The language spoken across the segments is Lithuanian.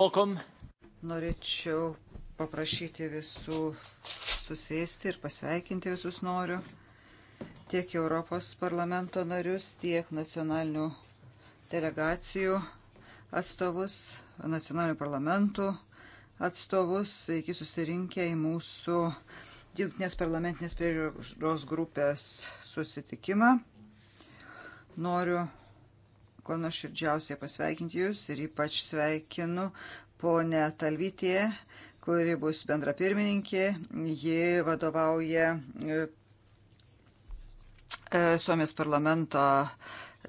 Welcome. Norėčiau paprašyti visų susėsti ir pasveikinti visus noriu. Tiek Europos parlamento narius, tiek nacionalinių delegacijų atstovus, nacionalinių parlamentų atstovus, sveiki susirinkę į mūsų Junktinės parlamentinės priežiūros grupės susitikimą. Noriu kuo nuoširdžiausiai pasveikinti Jūs ir ypač sveikinu ponę Talvytė, kuri bus bendra pirmininkė. Ji vadovauja e, e, Suomijos parlamento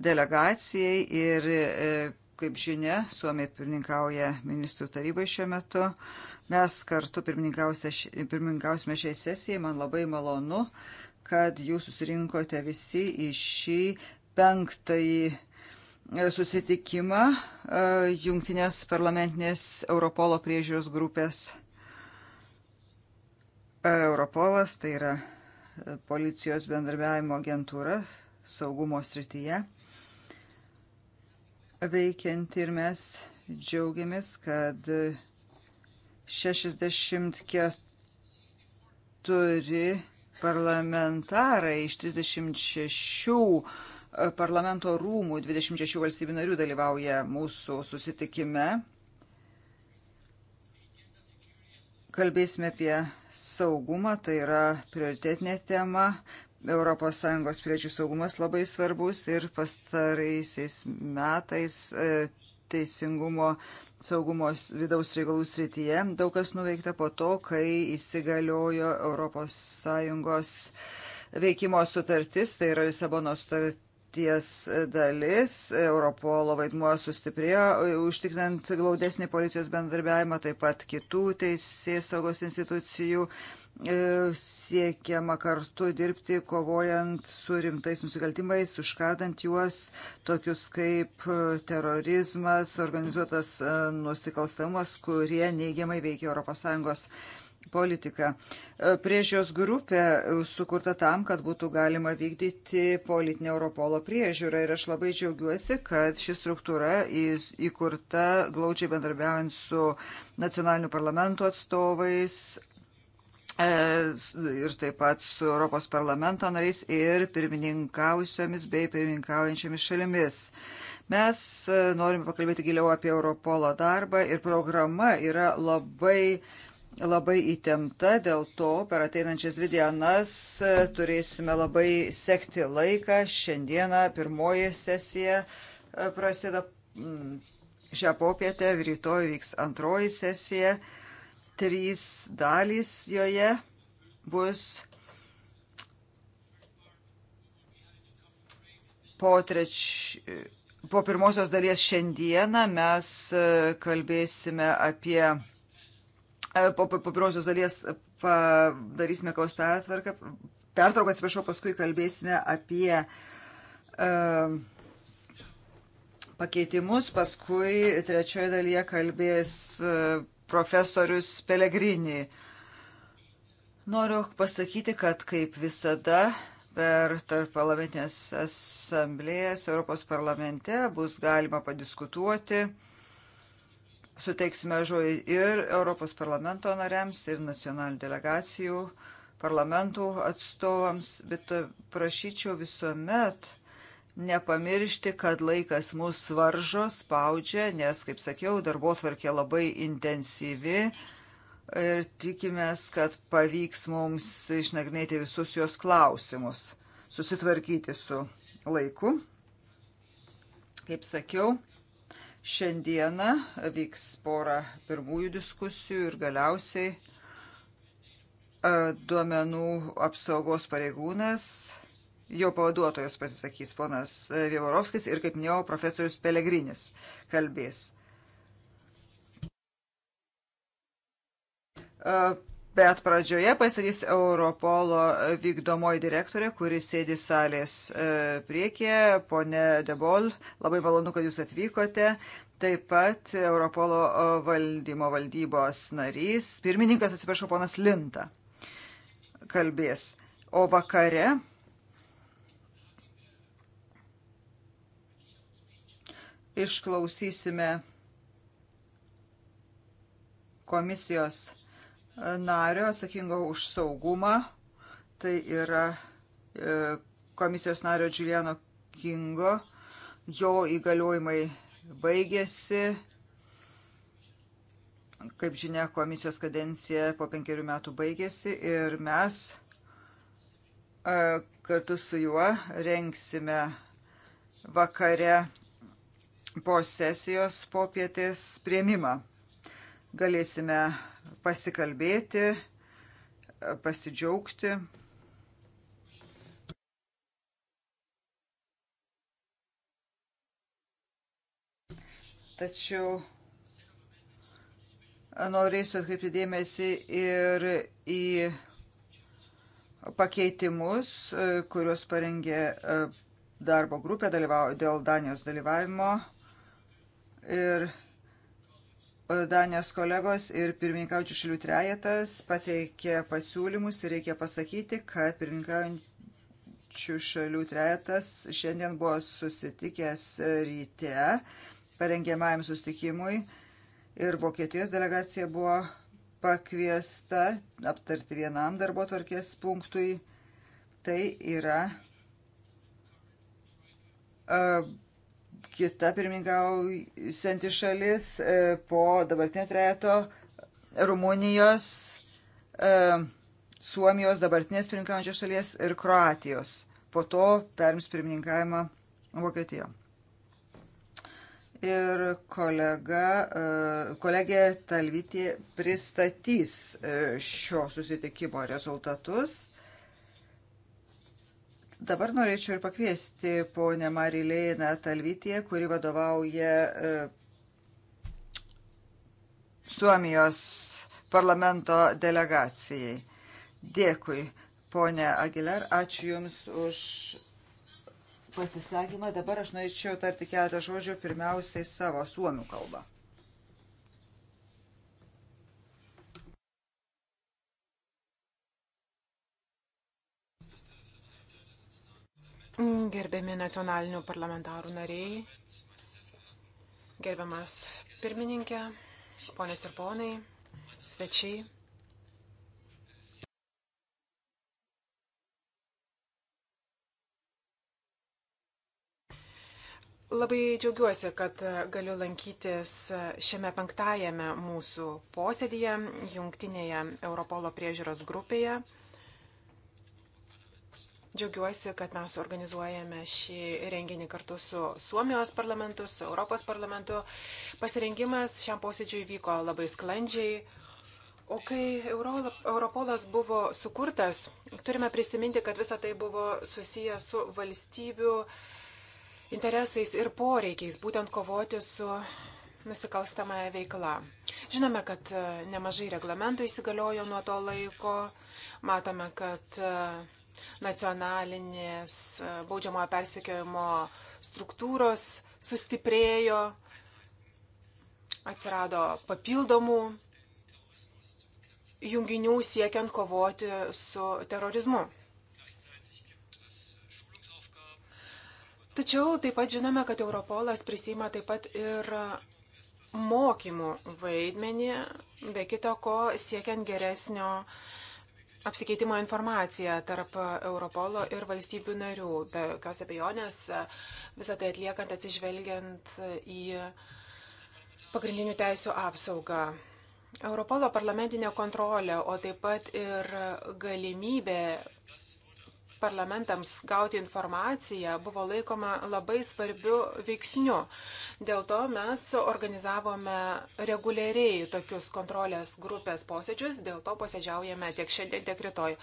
delegacijai ir, e, kaip žinia, Suomija pirmininkauja ministrų tarybai šiuo metu. Mes kartu pirmininkausime šiai sesijai. Man labai malonu, kad jūs susirinkote visi į šį penktąjį susitikimą e, jungtinės parlamentinės Europolo priežiūros grupės. E, Europolas tai yra e, policijos bendarbiavimo agentūra saugumo srityje veikianti ir mes džiaugiamės, kad 64 parlamentarai iš 36 parlamento rūmų 26 valstybių narių dalyvauja mūsų susitikime. Kalbėsime apie saugumą, tai yra prioritetinė tema. ES piliečių saugumas labai svarbus ir pastaraisiais metais e, teisingumo saugumo vidaus reikalų srityje. Daug kas nuveikta po to, kai įsigaliojo ES veikimo sutartis, tai yra Lisabono sutartis ties dalis. Europolo vaidmuo sustiprėjo, užtikrinant glaudesnį policijos bendarbiavimą, taip pat kitų teisės saugos institucijų e, siekiama kartu dirbti, kovojant su rimtais nusikaltimais, užkardant juos, tokius kaip e, terorizmas, organizuotas e, nusikalstamas, kurie neigiamai veikia ES politiką. E, Priežios grupė e, sukurta tam, kad būtų galima vykdyti politinę Europolo priežiūrą ir aš labai džiaugiuosi, kad ši struktūra įkurta glaudžiai bendarbiaujant su nacionaliniu parlamentu atstovais e, ir taip pat su Europos parlamento nariais ir pirmininkausiomis bei pirmininkaujančiomis šalimis. Mes norime pakalbėti giliau apie Europolo darbą ir programa yra labai uh, labai įtempta, dėl to per ateinančias dvi dienas e, turėsime labai sekti laiką. Šiandieną pirmoji sesija e, prasideda mm, šią popietę, rytoj vyks antroji sesija, trys dalys joje bus po trečios e, po pirmosios dalies šiandieną mes kalbėsime apie E, po, po pirmosios dalies e, padarysime kaus pertvarką. Pertrauką atsiprašau, paskui kalbėsime apie uh, pakeitimus, paskui trečioje dalyje kalbės uh, profesorius Pelegrini. Noriu pasakyti, kad kaip visada per tarp parlamentinės asamblėjas Europos parlamente bus galima padiskutuoti uh, suteiksime žodį ir Europos parlamento nariams, ir nacionalinių delegacijų, parlamentų atstovams, bet prašyčiau visuomet nepamiršti, kad laikas mūsų varžo, spaudžia, nes, kaip sakiau, darbo tvarkė labai intensyvi ir tikimės, kad pavyks mums išnagrinėti visus jos klausimus, susitvarkyti su laiku. Kaip sakiau, Šiandieną vyks pora pirmųjų diskusijų ir galiausiai e, duomenų apsaugos pareigūnas, jo pavaduotojas pasisakys ponas e, Vievorovskis ir, kaip minėjau, profesorius Pelegrinis kalbės. E, Bet pradžioje pasakys Europolo vykdomoji direktorė, kuris sėdi salės e, priekėje, ponė Debol. Labai malonu, kad jūs atvykote. Taip pat Europolo e, valdymo valdybos narys, pirmininkas, atsiprašau, ponas Linta kalbės. O vakare išklausysime komisijos nario atsakingo už saugumą, tai yra e, komisijos nario Giuliano Kingo, jo įgaliojimai baigėsi, kaip žinia, komisijos kadencija po penkerių metų baigėsi ir mes e, kartu su juo renksime vakare po sesijos popietės prieimimą galėsime pasikalbėti, pasidžiaugti. Tačiau norėsiu atkreipti dėmesį ir į pakeitimus, kuriuos parengė e, darbo grupė dalyvau, dėl Danijos dalyvavimo. Ir Danijos kolegos ir pirmininkaujančių šalių trejetas pateikė pasiūlymus ir reikia pasakyti, kad pirmininkaujančių šalių trejetas šiandien buvo susitikęs ryte parengiamajam susitikimui ir Vokietijos delegacija buvo pakviesta aptarti vienam darbo tvarkės punktui. Tai yra e, kita pirmingausianti šalis e, po dabartinio trejeto Rumunijos, e, Suomijos, dabartinės pirmingaujančios šalies ir Kroatijos. Po to perims pirmininkavimą Vokietija. Ir kolega, e, kolegė Talvitė pristatys šio susitikimo rezultatus Dabar norėčiau ir pakviesti ponę Marilėną Talvytį, kuri vadovauja e, Suomijos parlamento delegacijai. Dėkui, ponė Agilar, ačiū Jums už pasisakymą. Dabar aš norėčiau tarti keletą žodžių pirmiausiai savo suomių kalbą. Mm, gerbiami nacionalinių parlamentarų nariai, gerbiamas pirmininkė, ponės ir ponai, svečiai. Labai džiaugiuosi, kad galiu lankytis šiame penktajame mūsų posėdėje, jungtinėje Europolo priežiūros grupėje. Džiaugiuosi, kad mes organizuojame šį renginį kartu su Suomijos parlamentu, su Europos parlamentu. Pasirengimas šiam posėdžiui vyko labai sklandžiai. O kai Europolas buvo sukurtas, turime prisiminti, kad visa tai buvo susiję su valstybių interesais ir poreikiais, būtent kovoti su nusikalstamąją veiklą. Žinome, kad e, nemažai reglamentų įsigaliojo nuo to laiko. Matome, kad e, nacionalinės e, baudžiamojo persekiojimo struktūros sustiprėjo, atsirado papildomų junginių siekiant kovoti su terorizmu. Tačiau taip pat žinome, kad Europolas prisima taip pat ir mokymų vaidmenį, be kito ko siekiant geresnio uh, apsikeitimo informacija tarp Europolo ir valstybių narių. Be jokios abejonės e, visą tai atliekant atsižvelgiant į pagrindinių teisų apsaugą. Europolo parlamentinė kontrolė, o taip pat ir galimybė parlamentams gauti informaciją buvo laikoma labai svarbiu veiksniu. Dėl to mes organizavome reguliariai tokius kontrolės grupės posėdžius, dėl to posėdžiaujame tiek šiandien, tiek rytoj.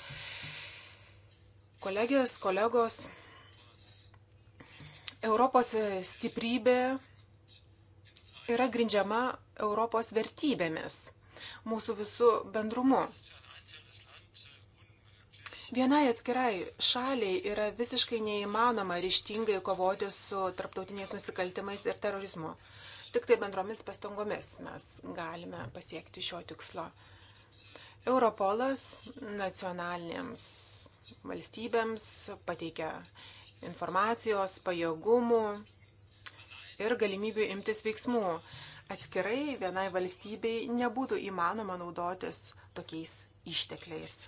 Kolegės, kolegos, Europos stiprybė yra grindžiama Europos vertybėmis, mūsų visų bendrumu. Vienai atskirai šaliai yra visiškai neįmanoma ryštingai kovoti su tarptautiniais nusikaltimais ir terorizmu. Tik tai bendromis pastangomis mes galime pasiekti šio tikslo. Europolas nacionalinėms valstybėms pateikia informacijos, pajėgumų ir galimybių imtis veiksmų. Atskirai vienai valstybei nebūtų įmanoma naudotis tokiais ištekliais.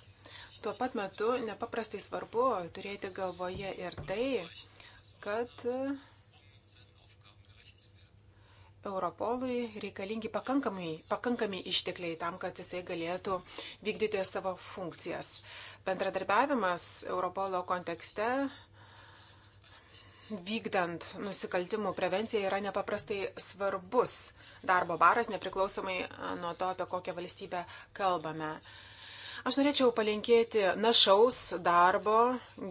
Tuo pat metu nepaprastai svarbu turėti galvoje ir tai, kad Europolui reikalingi pakankami, pakankami ištekliai tam, kad jisai galėtų vykdyti savo funkcijas. Bendradarbiavimas Europolo kontekste vykdant nusikaltimų prevenciją yra nepaprastai svarbus darbo baras, nepriklausomai nuo to, apie kokią valstybę kalbame. Aš norėčiau palinkėti našaus darbo,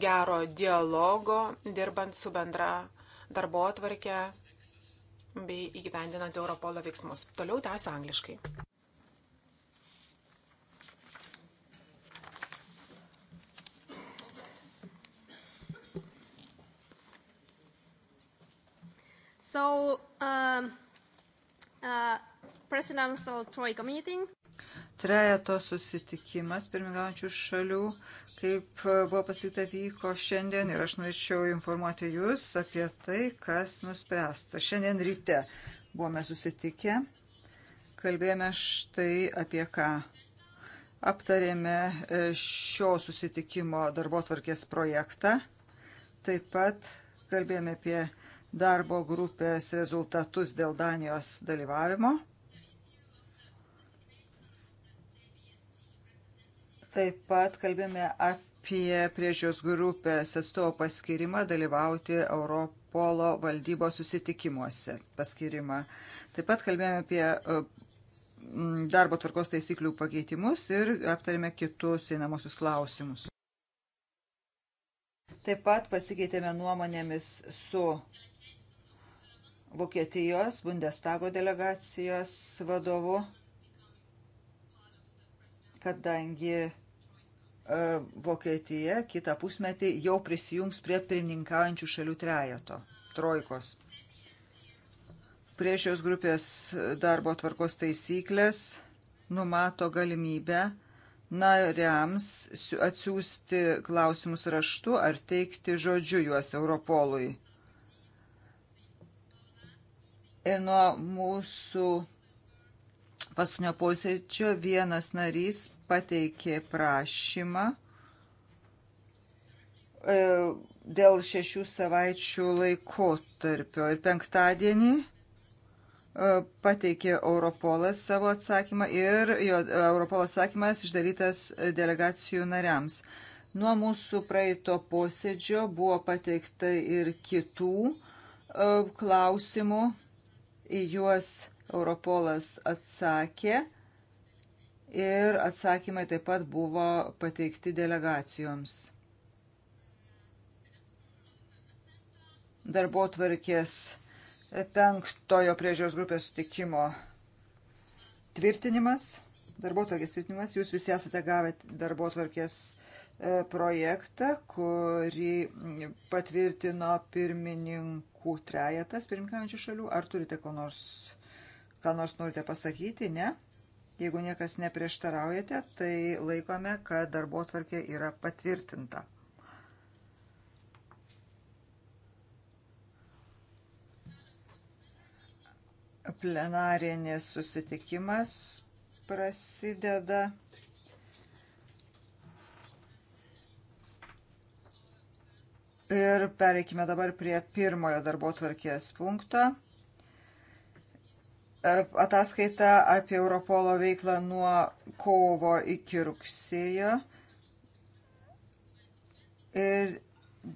gero dialogo, dirbant su bendra darbo atvarkė bei įgyvendinant Europolo veiksmus. Toliau tęsiu angliškai. So, um, uh, Presidential Troika meeting trejato susitikimas pirmingaujančių šalių, kaip e, buvo pasakyta, vyko šiandien ir aš norėčiau informuoti Jūs apie tai, kas nuspręsta. Šiandien ryte buvome susitikę, kalbėjome štai apie ką. Aptarėme e, šio susitikimo darbo tvarkės projektą, taip pat kalbėjome apie darbo grupės rezultatus dėl Danijos dalyvavimo Taip pat kalbėjome apie priežios grupės atstovo paskirimą dalyvauti Europolo valdybos susitikimuose paskirimą. Taip pat kalbėjome apie e, darbo tvarkos taisyklių pakeitimus ir aptarėme kitus einamosius klausimus. Taip pat pasikeitėme nuomonėmis su Vokietijos Bundestago delegacijos vadovu kadangi e, Vokietija kitą pusmetį jau prisijungs prie pirmininkaujančių šalių trejato - trojkos. Priešios grupės darbo tvarkos taisyklės numato galimybę nariams atsiųsti klausimus raštu ar teikti žodžiu juos Europolui. Ir e, nuo mūsų paskutinio posėdžio vienas narys pateikė prašymą e, dėl šešių savaičių laikotarpio ir penktadienį e, pateikė Europolas savo atsakymą ir jo e, Europolas atsakymas išdalytas delegacijų nariams. Nuo mūsų praeito posėdžio buvo pateikta ir kitų klausimų, į juos Europolas atsakė ir atsakymai taip pat buvo pateikti delegacijoms. Darbo tvarkės penktojo priežiūros grupės sutikimo tvirtinimas. Darbo tvarkės tvirtinimas. Jūs visi esate gavę darbo tvarkės e, projektą, kurį patvirtino pirmininkų trejetas pirmininkaujančių šalių. Ar turite ko nors Gal nors norite pasakyti, ne? Jeigu niekas neprieštaraujate, tai laikome, kad darbo tvarkė yra patvirtinta. Plenarinės susitikimas prasideda Ir pereikime dabar prie pirmojo darbo tvarkės punkto. E, ataskaita apie Europolo veiklą nuo kovo iki rugsėjo ir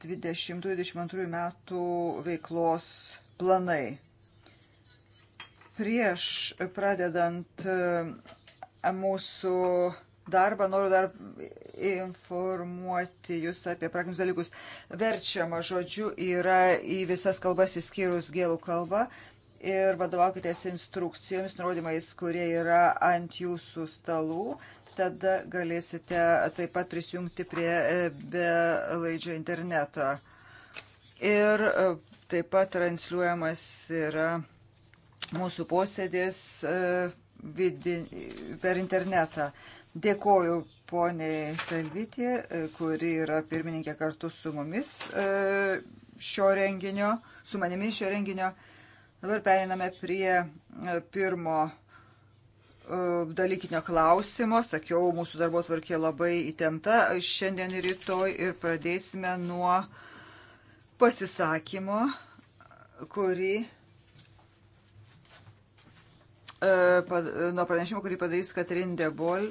2022 metų veiklos planai. Prieš pradedant e, mūsų darbą noriu dar informuoti jūs apie praktinius dalykus. Verčiama žodžiu yra į visas kalbas įskyrus gėlų kalbą ir vadovaukitės instrukcijomis, nurodymais, kurie yra ant jūsų stalų. Tada galėsite taip pat prisijungti prie e, belaidžio interneto. Ir e, taip pat transliuojamas yra mūsų posėdis e, per internetą. Dėkoju poniai Talvitė, kuri yra pirmininkė kartu su mumis šio renginio, su manimi šio renginio. Dabar periname prie e, pirmo e, dalykinio klausimo. Sakiau, mūsų darbo tvarkė labai įtempta. Šiandien ir rytoj ir pradėsime nuo pasisakymo, kurį e, nuo pranešimo, kurį padarys Katrin Debol,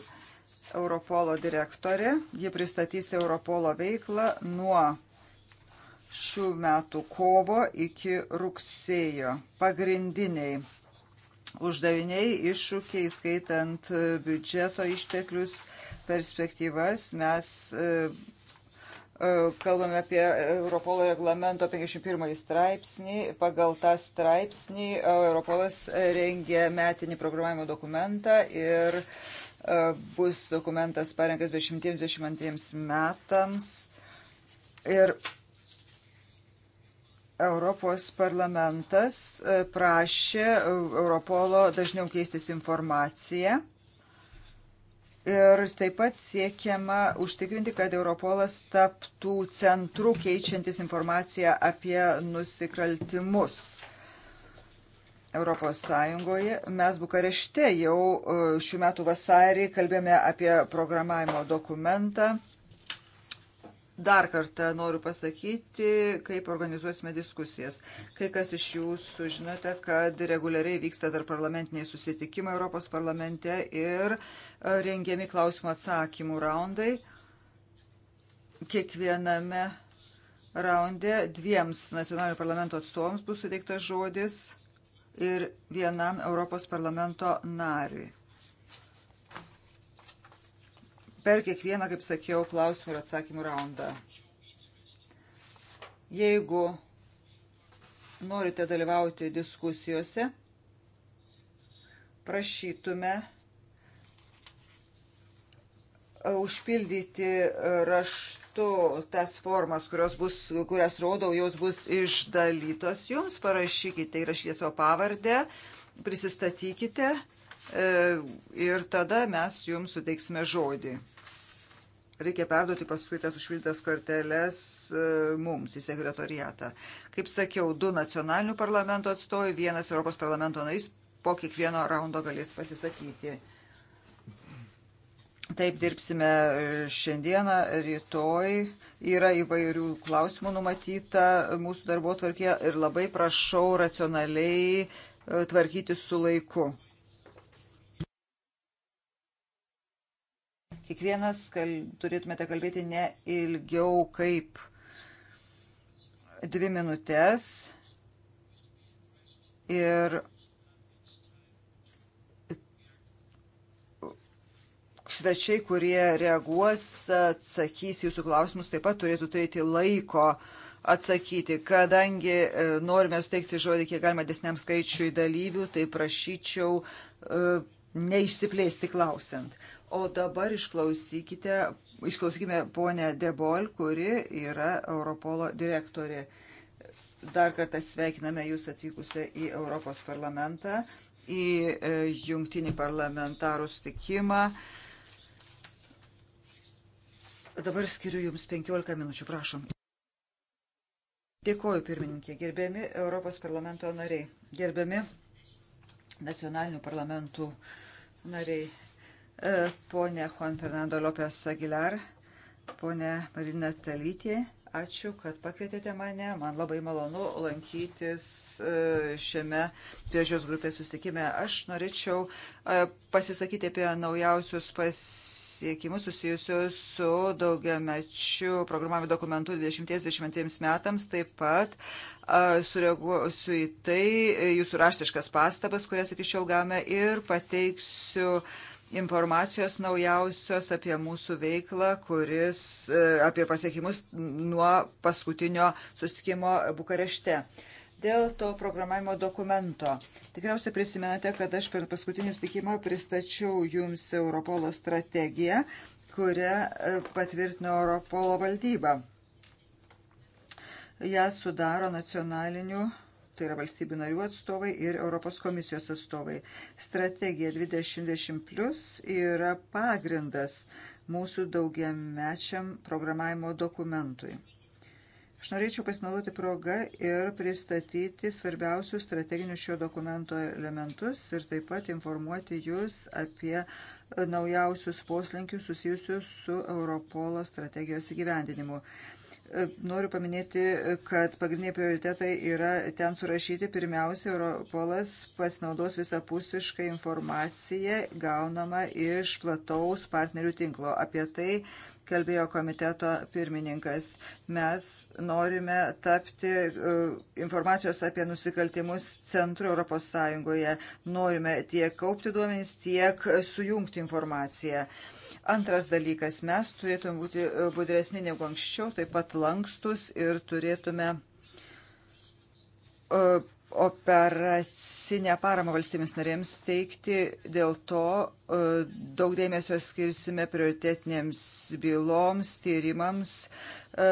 Europolo direktorė. Ji pristatys Europolo veiklą nuo šių metų kovo iki rugsėjo. Pagrindiniai uždaviniai, iššūkiai, skaitant e, biudžeto išteklius, perspektyvas, mes e, e, kalbame apie Europolo reglamento 51 straipsnį. Pagal tą straipsnį Europolas rengia metinį programavimo dokumentą ir bus dokumentas parengtas 2022 metams. Ir Europos parlamentas e, prašė e, Europolo dažniau keistis informaciją. Ir taip pat siekiama užtikrinti, kad Europolas taptų centrų keičiantis informaciją apie nusikaltimus. Europos Sąjungoje. Mes Bukarešte jau e, šių metų vasarį kalbėjome apie programavimo dokumentą dar kartą noriu pasakyti, kaip organizuosime diskusijas. Kai kas iš jūsų žinote, kad reguliariai vyksta tarp parlamentiniai susitikimai Europos parlamente ir e, rengiami klausimų atsakymų raundai. Kiekviename raunde dviems nacionalinių parlamento atstovams bus suteiktas žodis ir vienam Europos parlamento nariui per kiekvieną, kaip sakiau, klausimų ir atsakymų raundą. Jeigu norite dalyvauti diskusijose, prašytume e, užpildyti e, raštu tas formas, kurios bus, kurias rodau, jos bus išdalytos jums, parašykite, įrašykite savo pavardę, prisistatykite e, ir tada mes jums suteiksime žodį reikia perduoti paskui tas užpildytas korteles e, mums į sekretoriatą. Kaip sakiau, du nacionalinių parlamento atstovai, vienas Europos parlamento narys po kiekvieno raundo galės pasisakyti. Taip dirbsime e, šiandieną, rytoj. Yra įvairių klausimų numatyta mūsų darbo tvarkė ir labai prašau racionaliai e, tvarkyti su laiku. kiekvienas kal, turėtumėte kalbėti ne ilgiau kaip dvi minutės ir svečiai, kurie reaguos, atsakys jūsų klausimus, taip pat turėtų turėti laiko atsakyti. Kadangi e, norime suteikti žodį kiek galima desniam skaičiui dalyvių, tai prašyčiau e, neišsiplėsti klausiant. O dabar išklausykite, išklausykime ponę Debol, kuri yra Europolo direktorė. Dar kartą sveikiname Jūs atvykusią į Europos parlamentą, į e, jungtinį parlamentarų sutikimą. Dabar skiriu Jums 15 minučių, prašom. Dėkoju, pirmininkė, gerbiami Europos parlamento nariai, gerbiami nacionalinių parlamentų nariai, E, ponė Juan Fernando Lopes Aguilar, ponė Marina Talvytė. Ačiū, kad pakvietėte mane. Man labai malonu lankytis e, šiame priežios grupės sustikime. Aš norėčiau e, pasisakyti apie naujausius pasiekimus susijusius su daugiamečiu programavimo dokumentu 20-22 metams. Taip pat sureaguosiu į tai jūsų raštiškas pastabas, kurias iki šiol gavome ir pateiksiu uh, informacijos naujausios apie mūsų veiklą, kuris e, apie pasiekimus nuo paskutinio sustikimo Bukarešte. Dėl to programavimo dokumento. Tikriausiai prisimenate, kad aš per paskutinį sutikimą pristačiau jums Europolo strategiją, kurią e, patvirtino Europolo valdyba. Ja sudaro nacionalinių tai yra valstybių narių atstovai ir Europos komisijos atstovai. Strategija 2020 plus yra pagrindas mūsų daugiamečiam programavimo dokumentui. Aš norėčiau pasinaudoti progą ir pristatyti svarbiausius strateginius šio dokumento elementus ir taip pat informuoti Jūs apie naujausius poslinkius susijusius su Europolo strategijos įgyvendinimu. Noriu paminėti, kad pagrindiniai prioritetai yra ten surašyti. Pirmiausia, Europolas pasinaudos visapusišką informaciją gaunamą iš plataus partnerių tinklo. Apie tai kalbėjo komiteto pirmininkas. Mes norime tapti e, informacijos apie nusikaltimus centru Europos Sąjungoje. Norime tiek kaupti duomenys, tiek sujungti informaciją. Antras dalykas, mes turėtume būti e, budresni negu anksčiau, taip pat lankstus ir turėtume e, operacinę paramą valstybės narėms teikti dėl to, E, daug dėmesio skirsime prioritetinėms byloms, tyrimams, e,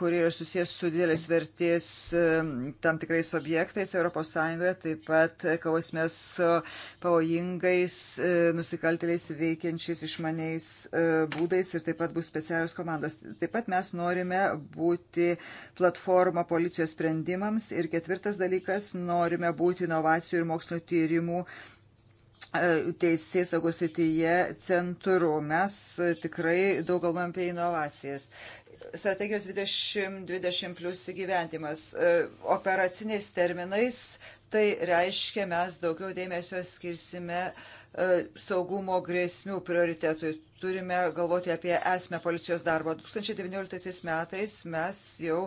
kurie yra susijęs su didelės vertės e, tam tikrais objektais ES, taip pat kovosime su pavojingais nusikaltėliais veikiančiais išmaniais būdais ir taip pat bus specialios komandos. Taip pat mes norime būti platforma policijos sprendimams ir ketvirtas dalykas, norime būti inovacijų ir mokslo tyrimų teisės saugos įtyje centru. Mes e, tikrai daug galvojam apie inovacijas. Strategijos 2020 plus įgyvendimas. E, operaciniais terminais Tai reiškia, mes daugiau dėmesio skirsime e, saugumo grėsmių prioritetui. Turime galvoti apie esmę policijos darbo. 2019 metais mes jau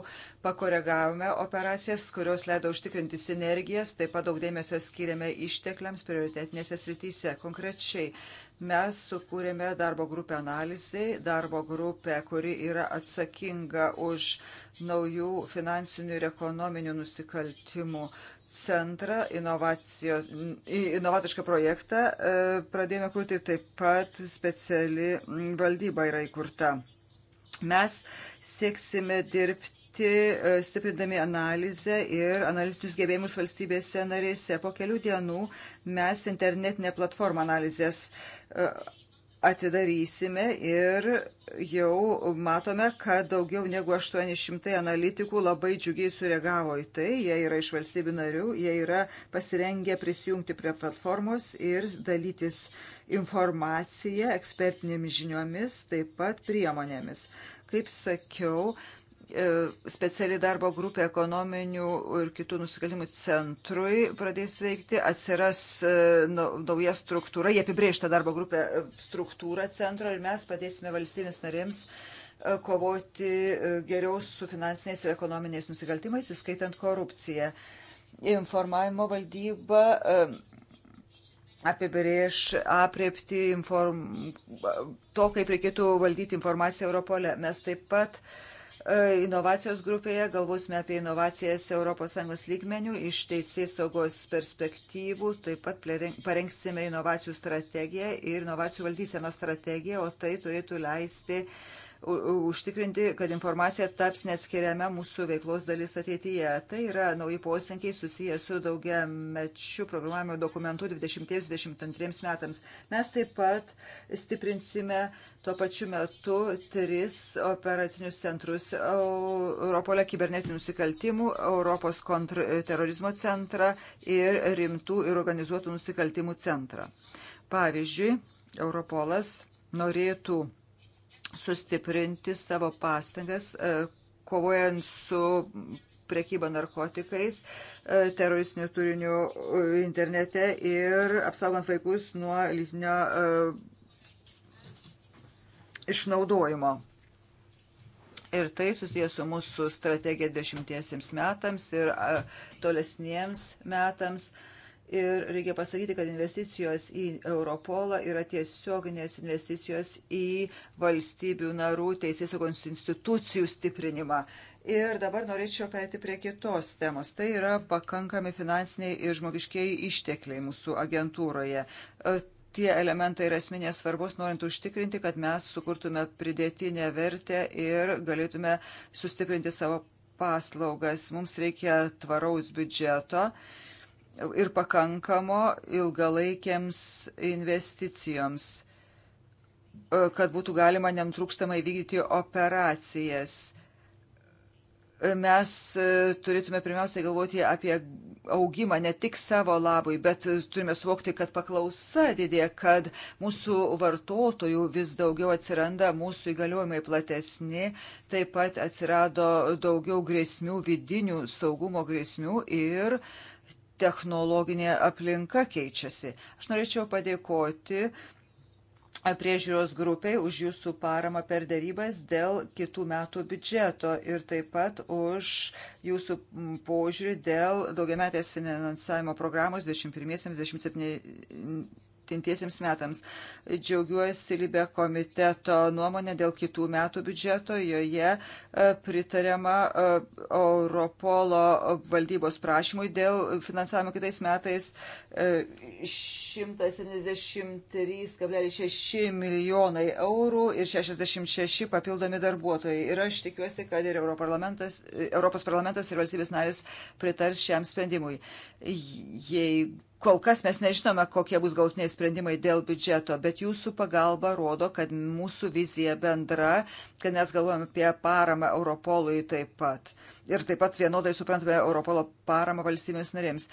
pakoregavome operacijas, kurios leido užtikrinti sinergijas, taip pat daug dėmesio skiriame ištekliams prioritetinėse srityse. Konkrečiai mes sukūrėme darbo grupę analizai, darbo grupę, kuri yra atsakinga už naujų finansinių ir ekonominių nusikaltimų uh, centrą, inovatišką projektą e, pradėjome kurti, taip pat speciali valdyba yra įkurta. Mes sieksime dirbti e, stiprindami analizę ir analitinius gebėjimus valstybėse narėse. Po kelių dienų mes internetinę platformą analizės e, atidarysime ir jau matome, kad daugiau negu 800 analitikų labai džiugiai sureagavo į tai. Jie yra iš valstybių narių, jie yra pasirengę prisijungti prie platformos ir dalytis informaciją ekspertinėmis žiniomis, taip pat priemonėmis. Kaip sakiau, E, speciali darbo grupė ekonominių ir kitų nusikaltimų centrui pradės veikti, atsiras e, nauja struktūra, jie apibrėžta darbo grupė e, struktūra centro ir mes padėsime valstybės narėms kovoti geriau su finansiniais ir ekonominiais nusikaltimais, įskaitant korupciją. Informavimo valdyba apibrėž apriepti inform... to, kaip reikėtų valdyti informaciją Europolė. Mes taip pat uh, E, inovacijos grupėje galvosime apie inovacijas ES lygmenių iš teisės saugos perspektyvų, taip pat parengsime inovacijų strategiją ir inovacijų valdysenos strategiją, o tai turėtų leisti uh, užtikrinti, kad informacija taps neatskiriama mūsų veiklos dalis ateityje. Tai yra nauji poslinkiai susiję su daugia mečių programavimo dokumentų 20-22 metams. Mes taip pat stiprinsime tuo pačiu metu tris operacinius centrus Europolė kibernetinių nusikaltimų, Europos kontrterorizmo centrą ir rimtų ir organizuotų nusikaltimų centrą. Pavyzdžiui, Europolas norėtų sustiprinti savo pastangas, e, kovojant su prekyba narkotikais, e, teroristiniu turiniu e, internete ir apsaugant vaikus nuo lytinio išnaudojimo. Ir tai susijęs su mūsų strategija dešimtiesiems metams ir tolesniems metams. A, Ir reikia pasakyti, kad investicijos į Europolą yra tiesioginės investicijos į valstybių narų teisėsaugos institucijų stiprinimą. Ir dabar norėčiau perėti prie kitos temos. Tai yra pakankami finansiniai ir žmogiškiai ištekliai mūsų agentūroje e, tie elementai yra esminės svarbos, norint užtikrinti, kad mes sukurtume pridėtinę vertę ir galėtume sustiprinti savo paslaugas. Mums reikia tvaraus biudžeto ir pakankamo ilgalaikiams investicijoms, e, kad būtų galima nenutrūkstamai vykdyti operacijas. E, mes e, turėtume pirmiausiai galvoti apie augimą ne tik savo labui, bet turime suvokti, kad paklausa didėja, kad mūsų vartotojų vis daugiau atsiranda, mūsų įgaliojimai platesni, taip pat atsirado daugiau grėsmių, vidinių saugumo grėsmių ir uh, technologinė aplinka keičiasi. Aš norėčiau padėkoti priežiūros grupiai už jūsų paramą per darybas dėl kitų metų biudžeto ir taip pat už jūsų požiūrį dėl daugiametės finansavimo programos 21-27 septintiesiems metams. Džiaugiuosi Libė komiteto nuomonė dėl kitų metų biudžeto, joje e, pritariama e, Europolo valdybos prašymui dėl finansavimo kitais metais 173,6 e, milijonai eurų ir 66 papildomi darbuotojai. Ir aš tikiuosi, kad ir Europarlamentas, Europos parlamentas ir valstybės narės pritars šiam sprendimui. Jei Kol kas mes nežinome, kokie bus galutiniai sprendimai dėl biudžeto, bet jūsų pagalba rodo, kad mūsų vizija bendra, kad mes galvojame apie paramą Europolui taip pat. Ir taip pat vienodai suprantame Europolo paramą valstybėms narėms.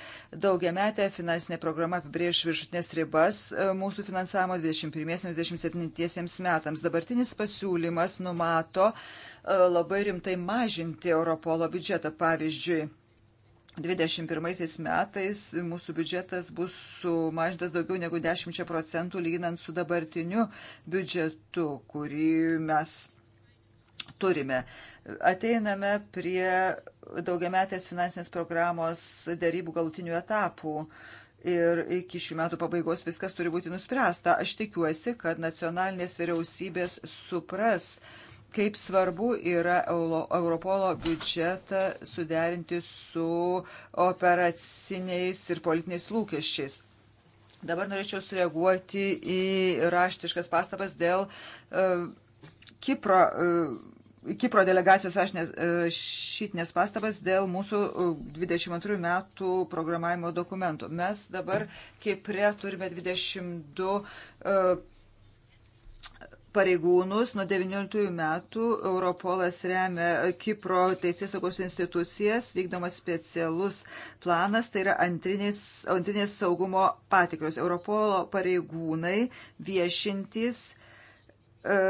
Daugiametė finansinė programa apibrėž viršutinės ribas e, mūsų finansavimo 21-27 metams. Dabartinis pasiūlymas numato e, labai rimtai mažinti Europolo biudžetą. Pavyzdžiui, 21 metais mūsų biudžetas bus sumažintas daugiau negu 10 procentų lyginant su dabartiniu biudžetu, kurį mes turime. Ateiname prie daugiametės finansinės programos darybų galutinių etapų ir iki šių metų pabaigos viskas turi būti nuspręsta. Aš tikiuosi, kad nacionalinės vyriausybės supras, kaip svarbu yra Europolo biudžetą suderinti su operaciniais ir politiniais lūkesčiais. Dabar norėčiau sureaguoti į raštiškas pastabas dėl uh, Kipro. Uh, Kipro delegacijos rašytinės e, pastabas dėl mūsų 22 metų programavimo dokumentų. Mes dabar Kipre turime 22 pareigūnus. Nuo 19 metų Europolas remia Kipro teisėsaugos institucijas, vykdomas specialus planas, tai yra antrinės, antrinės saugumo patikros. Europolo pareigūnai viešintys e,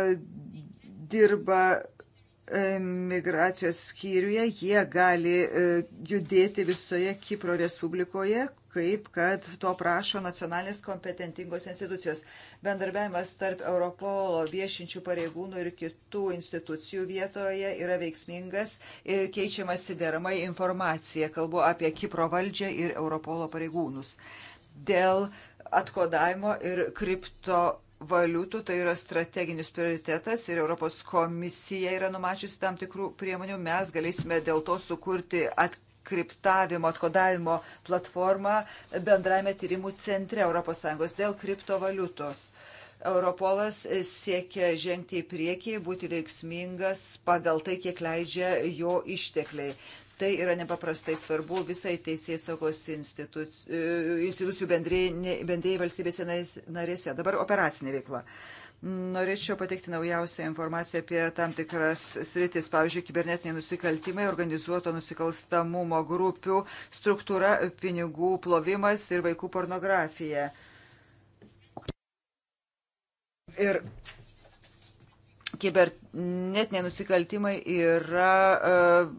dirba e, migracijos skyriuje, jie gali e, judėti visoje Kipro Respublikoje, kaip kad to prašo nacionalinės kompetentingos institucijos. Bendarbiavimas tarp Europolo viešinčių pareigūnų ir kitų institucijų vietoje yra veiksmingas ir keičiamasi deramai informacija. Kalbu apie Kipro valdžią ir Europolo pareigūnus. Dėl atkodavimo ir kripto valiutų, tai yra strateginis prioritetas ir Europos komisija yra numačiusi tam tikrų priemonių, mes galėsime dėl to sukurti at, kriptavimo, atkodavimo platformą bendrame tyrimų centre ES dėl kriptovaliutos. Europolas siekia žengti į priekį, būti veiksmingas pagal tai, kiek leidžia jo ištekliai. Tai yra nepaprastai svarbu visai teisės saugos e, institucijų, institucijų bendrėjai valstybėse narėse. Dabar operacinė veikla. Uh, Norėčiau pateikti naujausią informaciją apie tam tikras sritis, pavyzdžiui, kibernetiniai nusikaltimai, organizuoto nusikalstamumo grupių struktūra, pinigų plovimas ir vaikų pornografija. Ir kibernetiniai nusikaltimai yra uh,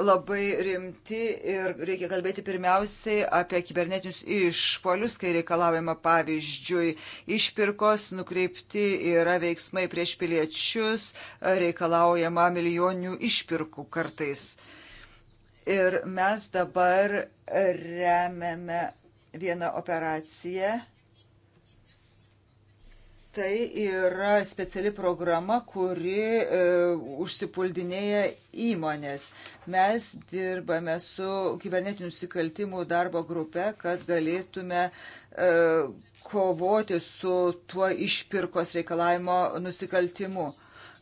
labai rimti ir reikia kalbėti pirmiausiai apie kibernetinius išpolius, kai reikalavima pavyzdžiui išpirkos, nukreipti yra veiksmai prieš piliečius, reikalaujama milijonių išpirkų kartais. Ir mes dabar remiame vieną operaciją tai yra speciali programa, kuri e, užsipuldinėja įmonės. Mes dirbame su kibernetinių nusikaltimų darbo grupe, kad galėtume e, kovoti su tuo išpirkos reikalavimo nusikaltimu.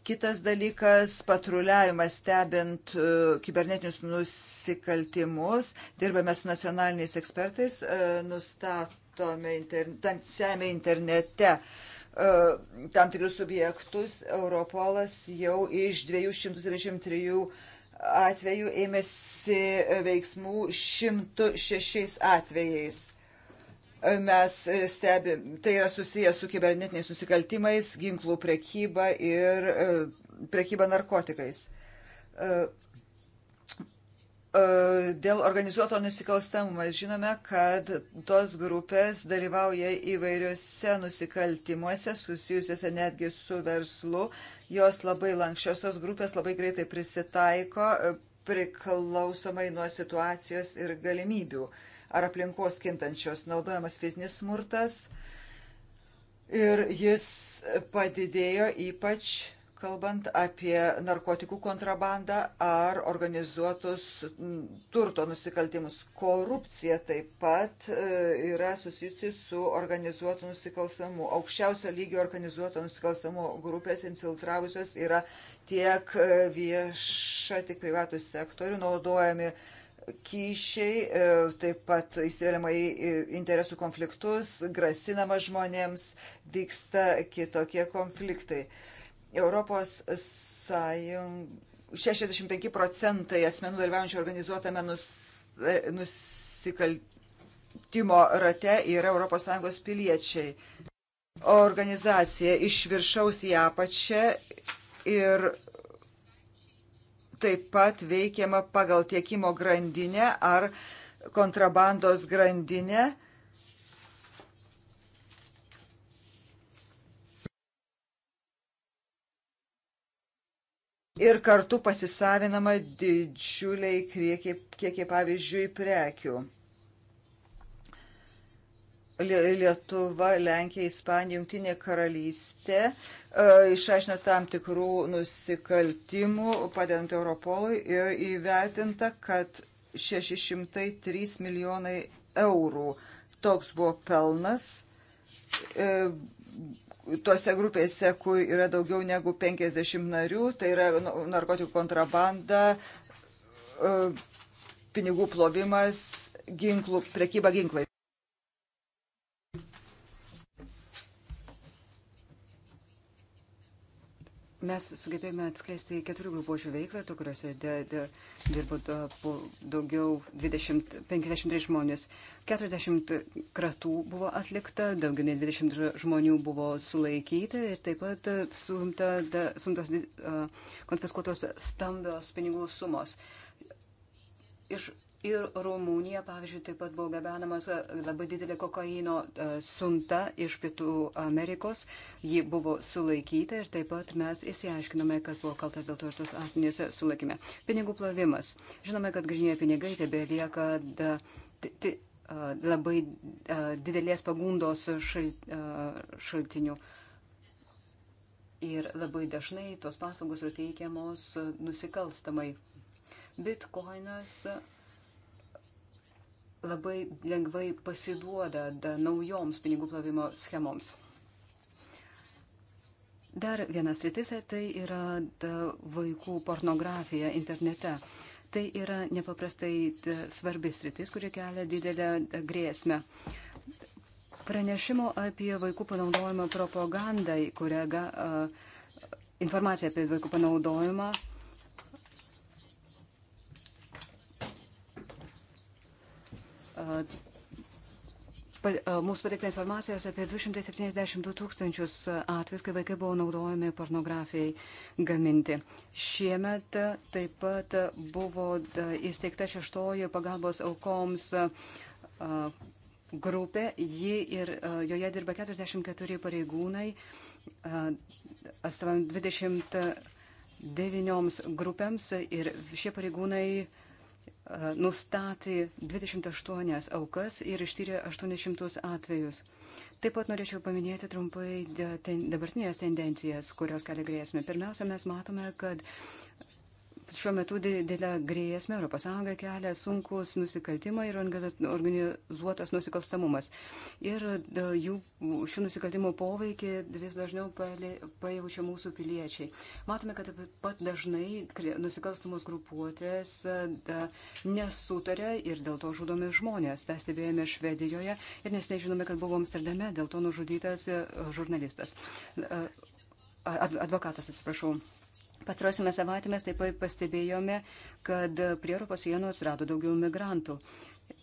Kitas dalykas - patruliavimas stebint e, kibernetinius nusikaltimus. Dirbame su nacionaliniais ekspertais, e, nustatome, inter, seme internete E, tam tikrus subjektus, Europolas jau iš 273 atvejų ėmėsi e, veiksmų 106 atvejais. E, mes stebim, tai yra susijęs su kibernetiniais nusikaltimais, ginklų prekyba ir prekyba narkotikais. Uh, E, dėl organizuoto nusikalstamumo mes žinome, kad tos grupės dalyvauja įvairiuose nusikaltimuose, susijusiuose netgi su verslu. Jos labai lankščios, tos grupės labai greitai prisitaiko e, priklausomai nuo situacijos ir galimybių ar aplinkos kintančios. Naudojamas fizinis smurtas ir jis padidėjo ypač kalbant apie narkotikų kontrabandą ar organizuotus turto nusikaltimus. Korupcija taip pat e, yra susijusi su organizuotu nusikalstamu. Aukščiausio lygio organizuoto nusikalstamu grupės infiltravusios yra tiek e, vieša, tiek privatų sektorių naudojami kyšiai, e, taip pat įsivėliama į interesų konfliktus, grasinama žmonėms, vyksta kitokie konfliktai. Uh, Europos Sąjung 65 procentai asmenų dalyvaujančių organizuotame nus, nusikaltimo rate yra ES piliečiai. Organizacija iš viršaus į apačią ir taip pat veikiama pagal tiekimo grandinę ar kontrabandos grandinę ir kartu pasisavinama didžiuliai kiekiai, kiekiai pavyzdžiui, prekių. Lietuva, Lenkija, Ispanija, Junktinė karalystė e, išaiškino tam tikrų nusikaltimų, padedant Europolui ir įvertinta, kad 603 milijonai eurų toks buvo pelnas e, tuose grupėse, kur yra daugiau negu 50 narių, tai yra nu, narkotikų kontrabanda, e, pinigų plovimas, ginklų, prekyba ginklais. Mes sugebėjome atskleisti keturių grupuočių veiklą, tų, kuriuose de, de, dirbo po daugiau 20, 53 žmonės. 40 kratų buvo atlikta, daugiau nei 20 žmonių buvo sulaikyta ir taip pat sumta, da, sumtos uh, konfiskuotos stambios pinigų sumos. Iš ir Rumunija, pavyzdžiui, taip pat buvo gabenamas e, labai didelė kokaino e, sunta iš Pietų Amerikos. Ji buvo sulaikyta ir taip pat mes įsiaiškinome, kas buvo kaltas dėl to ir tos asmenys sulaikime. Pinigų plovimas. Žinome, kad grįžinėje pinigai tebe lieka da, t, t, labai didelės pagundos šal, šaltinių. Ir labai dažnai tos paslaugos yra teikiamos nusikalstamai. Bitcoinas labai lengvai pasiduoda naujoms pinigų plovimo schemoms. Dar vienas rytis tai yra vaikų pornografija internete. Tai yra nepaprastai svarbis rytis, kuri kelia didelę grėsmę. Pranešimo apie vaikų panaudojimą propagandai, kurią ga, informacija apie vaikų panaudojimą E, Mums pateikta informacijos apie 272 tūkstančius atvejus, kai vaikai buvo naudojami pornografijai gaminti. Šiemet taip pat buvo e, įsteigta šeštoji pagalbos aukoms e, grupė. Ji ir joje dirba 44 pareigūnai, atstovaujant 29 grupėms ir šie pareigūnai nustatė 28 aukas ir ištyrė 800 atvejus. Taip pat norėčiau paminėti trumpai dabartinės tendencijas, kurios kelia grėsmę. Pirmiausia, mes matome, kad šiuo metu didelę grėsmę Europos Sąjungą kelia sunkus nusikaltimai ir organizuotas nusikalstamumas. Ir e, jų, šių nusikaltimų poveikį vis dažniau pajaučia mūsų piliečiai. Matome, kad taip pat dažnai nusikalstamos grupuotės e, nesutarė ir dėl to žudomi žmonės. Tai stebėjome Švedijoje ir nes nežinome, kad buvo Amsterdame, dėl to nužudytas e, žurnalistas. Advokatas, atsiprašau. Pastarosime savaitėmis taip pat pastebėjome, kad prie Europos sienų atsirado daugiau migrantų.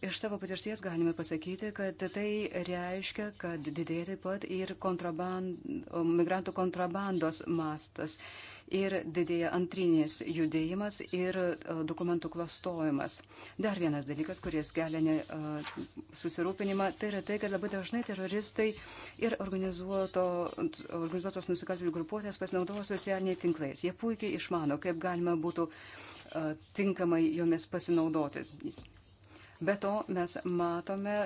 Iš savo patirties galime pasakyti, kad tai reiškia, kad didėja taip pat ir kontraband, migrantų kontrabandos mastas ir didėja antrinis judėjimas ir e, dokumentų klastojimas. Dar vienas dalykas, kuris kelia ne, e, susirūpinimą, tai yra tai, kad labai dažnai teroristai ir organizuoto, organizuotos nusikaltėlių grupuotės pasinaudoja socialiniai tinklais. Jie puikiai išmano, kaip galima būtų e, tinkamai jomis pasinaudoti. Be to mes matome,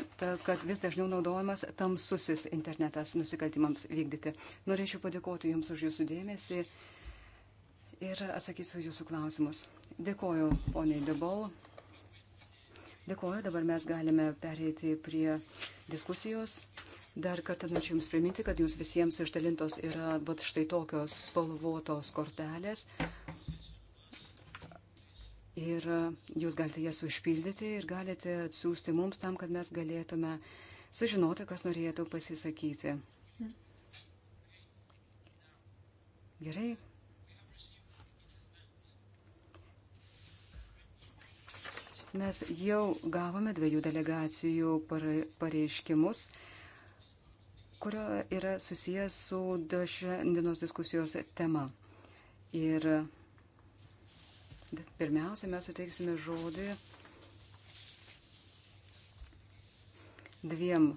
kad vis dažniau naudojamas tamsusis internetas nusikaltimams vykdyti. Norėčiau padėkoti Jums už Jūsų dėmesį ir atsakysiu jūsų klausimus. Dėkoju, poniai Debol. Dėkoju, dabar mes galime pereiti prie diskusijos. Dar kartą norėčiau Jums priminti, kad Jums visiems išdalintos yra vat štai tokios spalvotos kortelės. Ir Jūs galite jas užpildyti ir galite atsiųsti mums tam, kad mes galėtume sužinoti, kas norėtų pasisakyti. Mm. Gerai, Mes jau gavome dviejų delegacijų pareiškimus, kurio yra susijęs su šiandienos diskusijos tema. Ir pirmiausia, mes suteiksime žodį dviem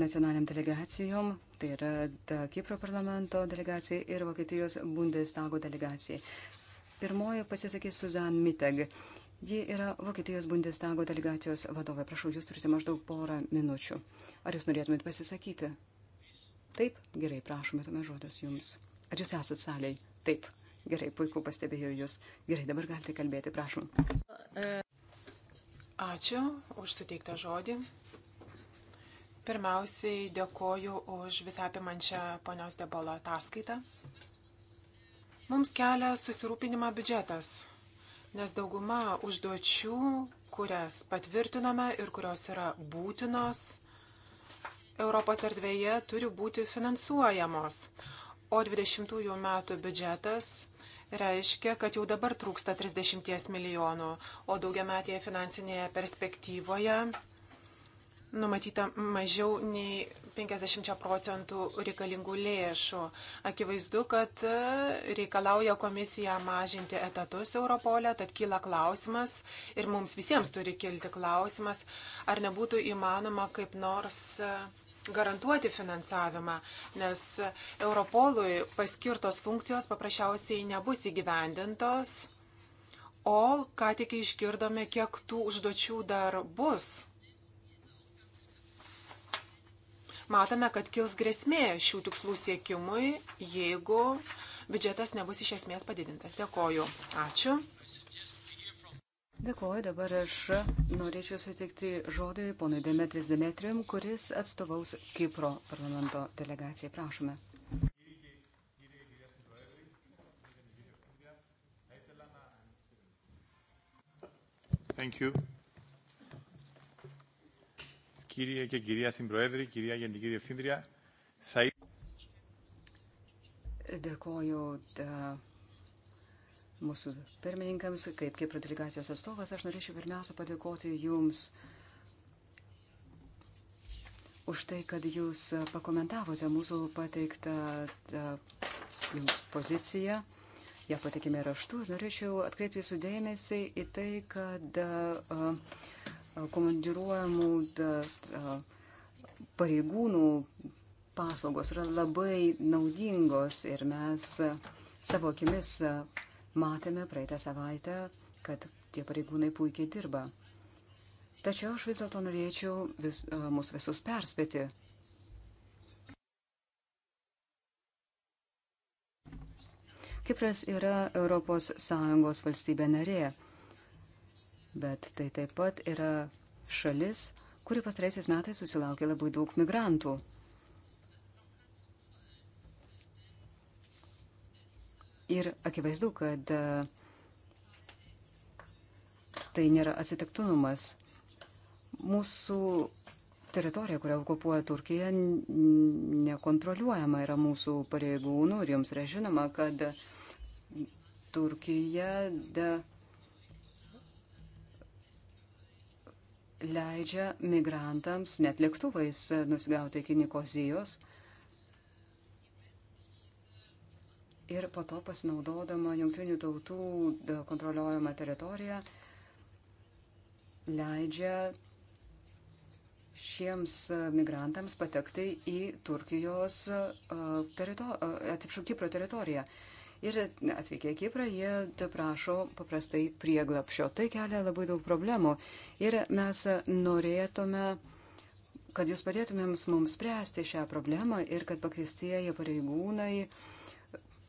nacionaliniam delegacijom, tai yra Kipro parlamento delegacija ir Vokietijos Bundestago delegacija. Pirmoji pasisakys Suzanne Mitteg. Ji yra Vokietijos Bundestago delegacijos vadovė. Prašau, jūs turite maždaug porą minučių. Ar jūs norėtumėt pasisakyti? Taip, gerai, prašome, tame žodis jums. Ar jūs esate saliai? Taip, gerai, puiku pastebėjau jūs. Gerai, dabar galite kalbėti, prašom. Ačiū už suteiktą žodį. Pirmiausiai dėkoju už visą apimančią ponios Debolo ataskaitą. Mums kelia susirūpinimą biudžetas nes dauguma užduočių, kurias patvirtinome ir kurios yra būtinos Europos erdvėje, turi būti finansuojamos. O 20 metų biudžetas reiškia, kad jau dabar trūksta 30 milijonų, o daugiametėje finansinėje perspektyvoje numatyta mažiau nei 50 procentų reikalingų lėšų. Akivaizdu, kad e, reikalauja komisija mažinti etatus Europolė, tad kyla klausimas ir mums visiems turi kilti klausimas, ar nebūtų įmanoma kaip nors e, garantuoti finansavimą, nes Europolui paskirtos funkcijos paprasčiausiai nebus įgyvendintos, o ką tik išgirdome, kiek tų užduočių dar bus. matome, kad kils grėsmė šių tikslų siekimui, jeigu biudžetas nebus iš esmės padidintas. Dėkoju. Ačiū. Dėkuoju, dabar aš norėčiau sutikti žodį ponui Demetris Demetrium, kuris atstovaus Kipro parlamento delegacijai. Prašome. Thank you. Κύριε και κυρία Συμπροέδρη, κυρία Γενική Διευθύντρια, θα ήθελα. Dėkoju da, mūsų pirmininkams, kaip Kipro delegacijos atstovas, aš norėčiau pirmiausia padėkoti Jums už tai, kad Jūs pakomentavote mūsų pateiktą da, Jums poziciją. Ja patikime raštu. Norėčiau atkreipti Jūsų dėmesį į tai, kad da, a, komandiruojamų pareigūnų paslaugos yra labai naudingos ir mes savo akimis matėme praeitą savaitę, kad tie pareigūnai puikiai dirba. Tačiau aš vis dėlto norėčiau vis, mus visus perspėti. Kipras yra ES valstybė narė bet tai taip pat yra šalis, kuri pastaraisiais metais susilaukė labai daug migrantų. Ir akivaizdu, kad e, tai nėra atsitiktinumas. Mūsų teritorija, kurią okupuoja Turkija, nekontroliuojama yra mūsų pareigūnų ir jums yra žinoma, kad Turkija de leidžia migrantams net lėktuvais nusigauti iki Nikozijos ir po to pasinaudodama jungtinių tautų kontroliuojama teritorija leidžia šiems migrantams patekti į Turkijos teritoriją, atsiprašau, Kipro teritoriją ir atvykę į Kiprą, jie prašo paprastai prieglapšio. Tai kelia labai daug problemų ir mes norėtume kad jūs padėtumėms mums spręsti šią problemą ir kad pakvistieji pareigūnai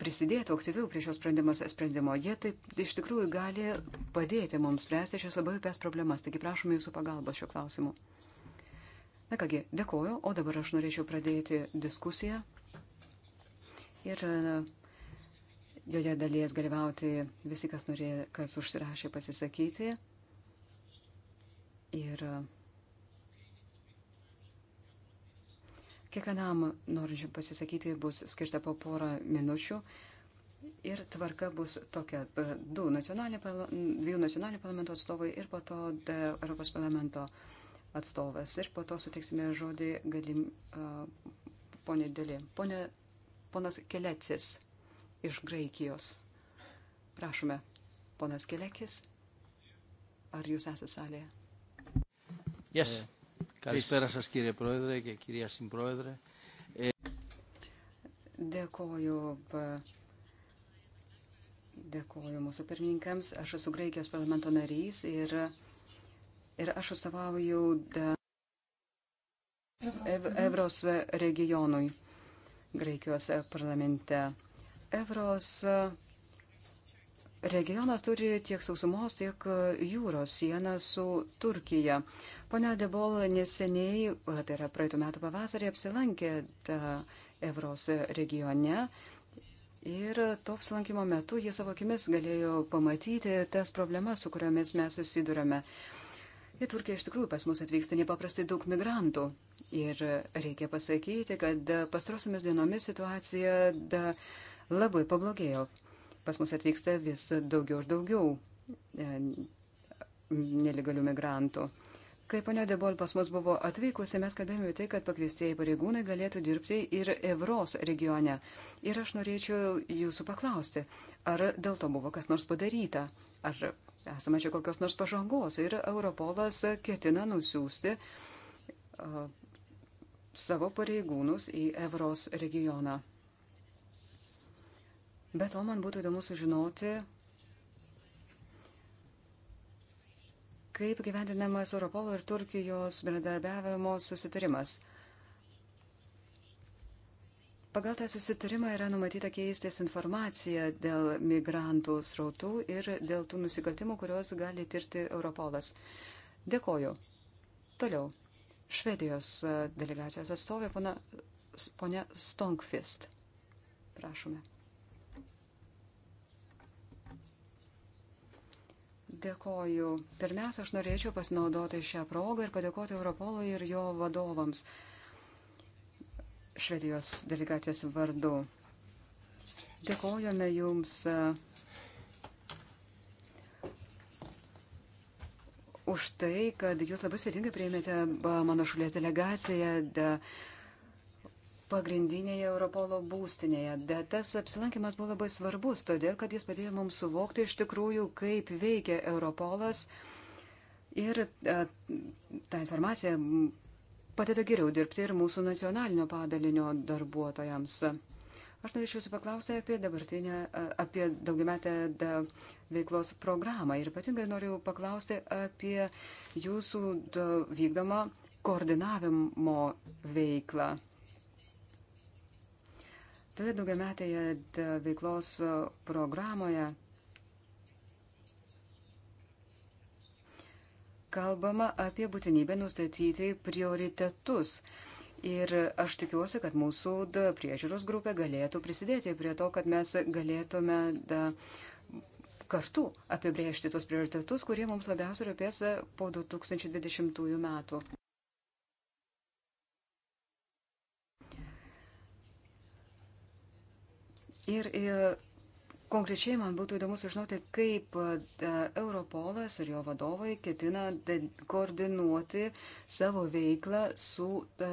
prisidėtų aktyviau prie šios sprendimos sprendimo. Jie taip iš tikrųjų gali padėti mums spręsti šias labai opes problemas. Taigi prašome jūsų pagalbos šiuo klausimu. Na kągi, dėkoju, o dabar aš norėčiau pradėti diskusiją. Ir Joje dalies dalyvauti visi, kas, norė, kas užsirašė pasisakyti. Ir e, kiekvienam norinčiam pasisakyti bus skirta po porą minučių. Ir tvarka bus tokia. E, du nacionalinio, dviejų nacionalinių parlamento atstovai ir po to e, Europos parlamento atstovas. Ir po to suteiksime žodį galim uh, ponė Dėlė. Pone, ponas Kelecis iš Graikijos. Prašome, ponas Kelekis, ar jūs esate salėje? Yes. Καλησπέρα eh, σας κύριε Πρόεδρε και κυρία Συμπρόεδρε. Dėkoju, dėkoju mūsų pirmininkams. Aš esu Graikijos parlamento narys ir, ir aš atstovauju Evros regionui Graikijos parlamente. Evros e, regionas turi tiek sausumos, tiek e, jūros sieną su Turkija. Pone Debol neseniai, e, tai yra praeitų metų pavasarį, apsilankė Evros regione. Ir to apsilankimo metu jie savo akimis galėjo pamatyti tas problemas, su kuriomis mes susidurėme. Į Turkiją iš tikrųjų pas mus atvyksta nepaprastai daug migrantų. Ir reikia pasakyti, kad pastarosiamis dienomis situacija da, uh, labai pablogėjo. Pas mus atvyksta vis daugiau ir daugiau e, nelegalių migrantų. Kai ponia Debol pas mus buvo atvykusi, mes kalbėjome tai, kad pakviestieji pareigūnai galėtų dirbti ir Evros regione. Ir aš norėčiau jūsų paklausti, ar dėl to buvo kas nors padaryta, ar esame čia kokios nors pažangos ir Europolas ketina nusiųsti uh, savo pareigūnus į Evros regioną. Bet o man būtų įdomu sužinoti, kaip gyvendinamas Europolo ir Turkijos bendradarbiavimo susitarimas. Pagal tą susitarimą yra numatyta keistis informacija dėl migrantų srautų ir dėl tų nusikaltimų, kuriuos gali tirti Europolas. Dėkoju. Toliau. Švedijos e, delegacijos atstovė ponia Stonkfist. Prašome. Dėkoju. Pirmiausia, aš norėčiau pasinaudoti šią progą ir padėkoti Europolui ir jo vadovams Švedijos delegacijos vardu. Dėkojame Jums uh, už tai, kad Jūs labai svetingai prieimėte uh, mano šalies delegaciją. De, da pagrindinėje Europolo būstinėje. Bet tas apsilankimas buvo labai svarbus, todėl kad jis padėjo mums suvokti iš tikrųjų, kaip veikia Europolas. Ir a, e, ta informacija padeda geriau dirbti ir mūsų nacionalinio padalinio darbuotojams. Aš norėčiau jūsų paklausti apie dabartinę, e, apie daugiametę veiklos programą ir ypatingai noriu paklausti apie jūsų vykdomą koordinavimo veiklą. Toje daugiametėje veiklos programoje kalbama apie būtinybę nustatyti prioritetus. Ir aš tikiuosi, kad mūsų da, priežiūros grupė galėtų prisidėti prie to, kad mes galėtume da, kartu apibrėžti tos prioritetus, kurie mums labiausiai rūpės po 2020 metų. Ir e, konkrečiai man būtų įdomu sužinoti, kaip e, Europolas ir jo vadovai ketina koordinuoti savo veiklą su e,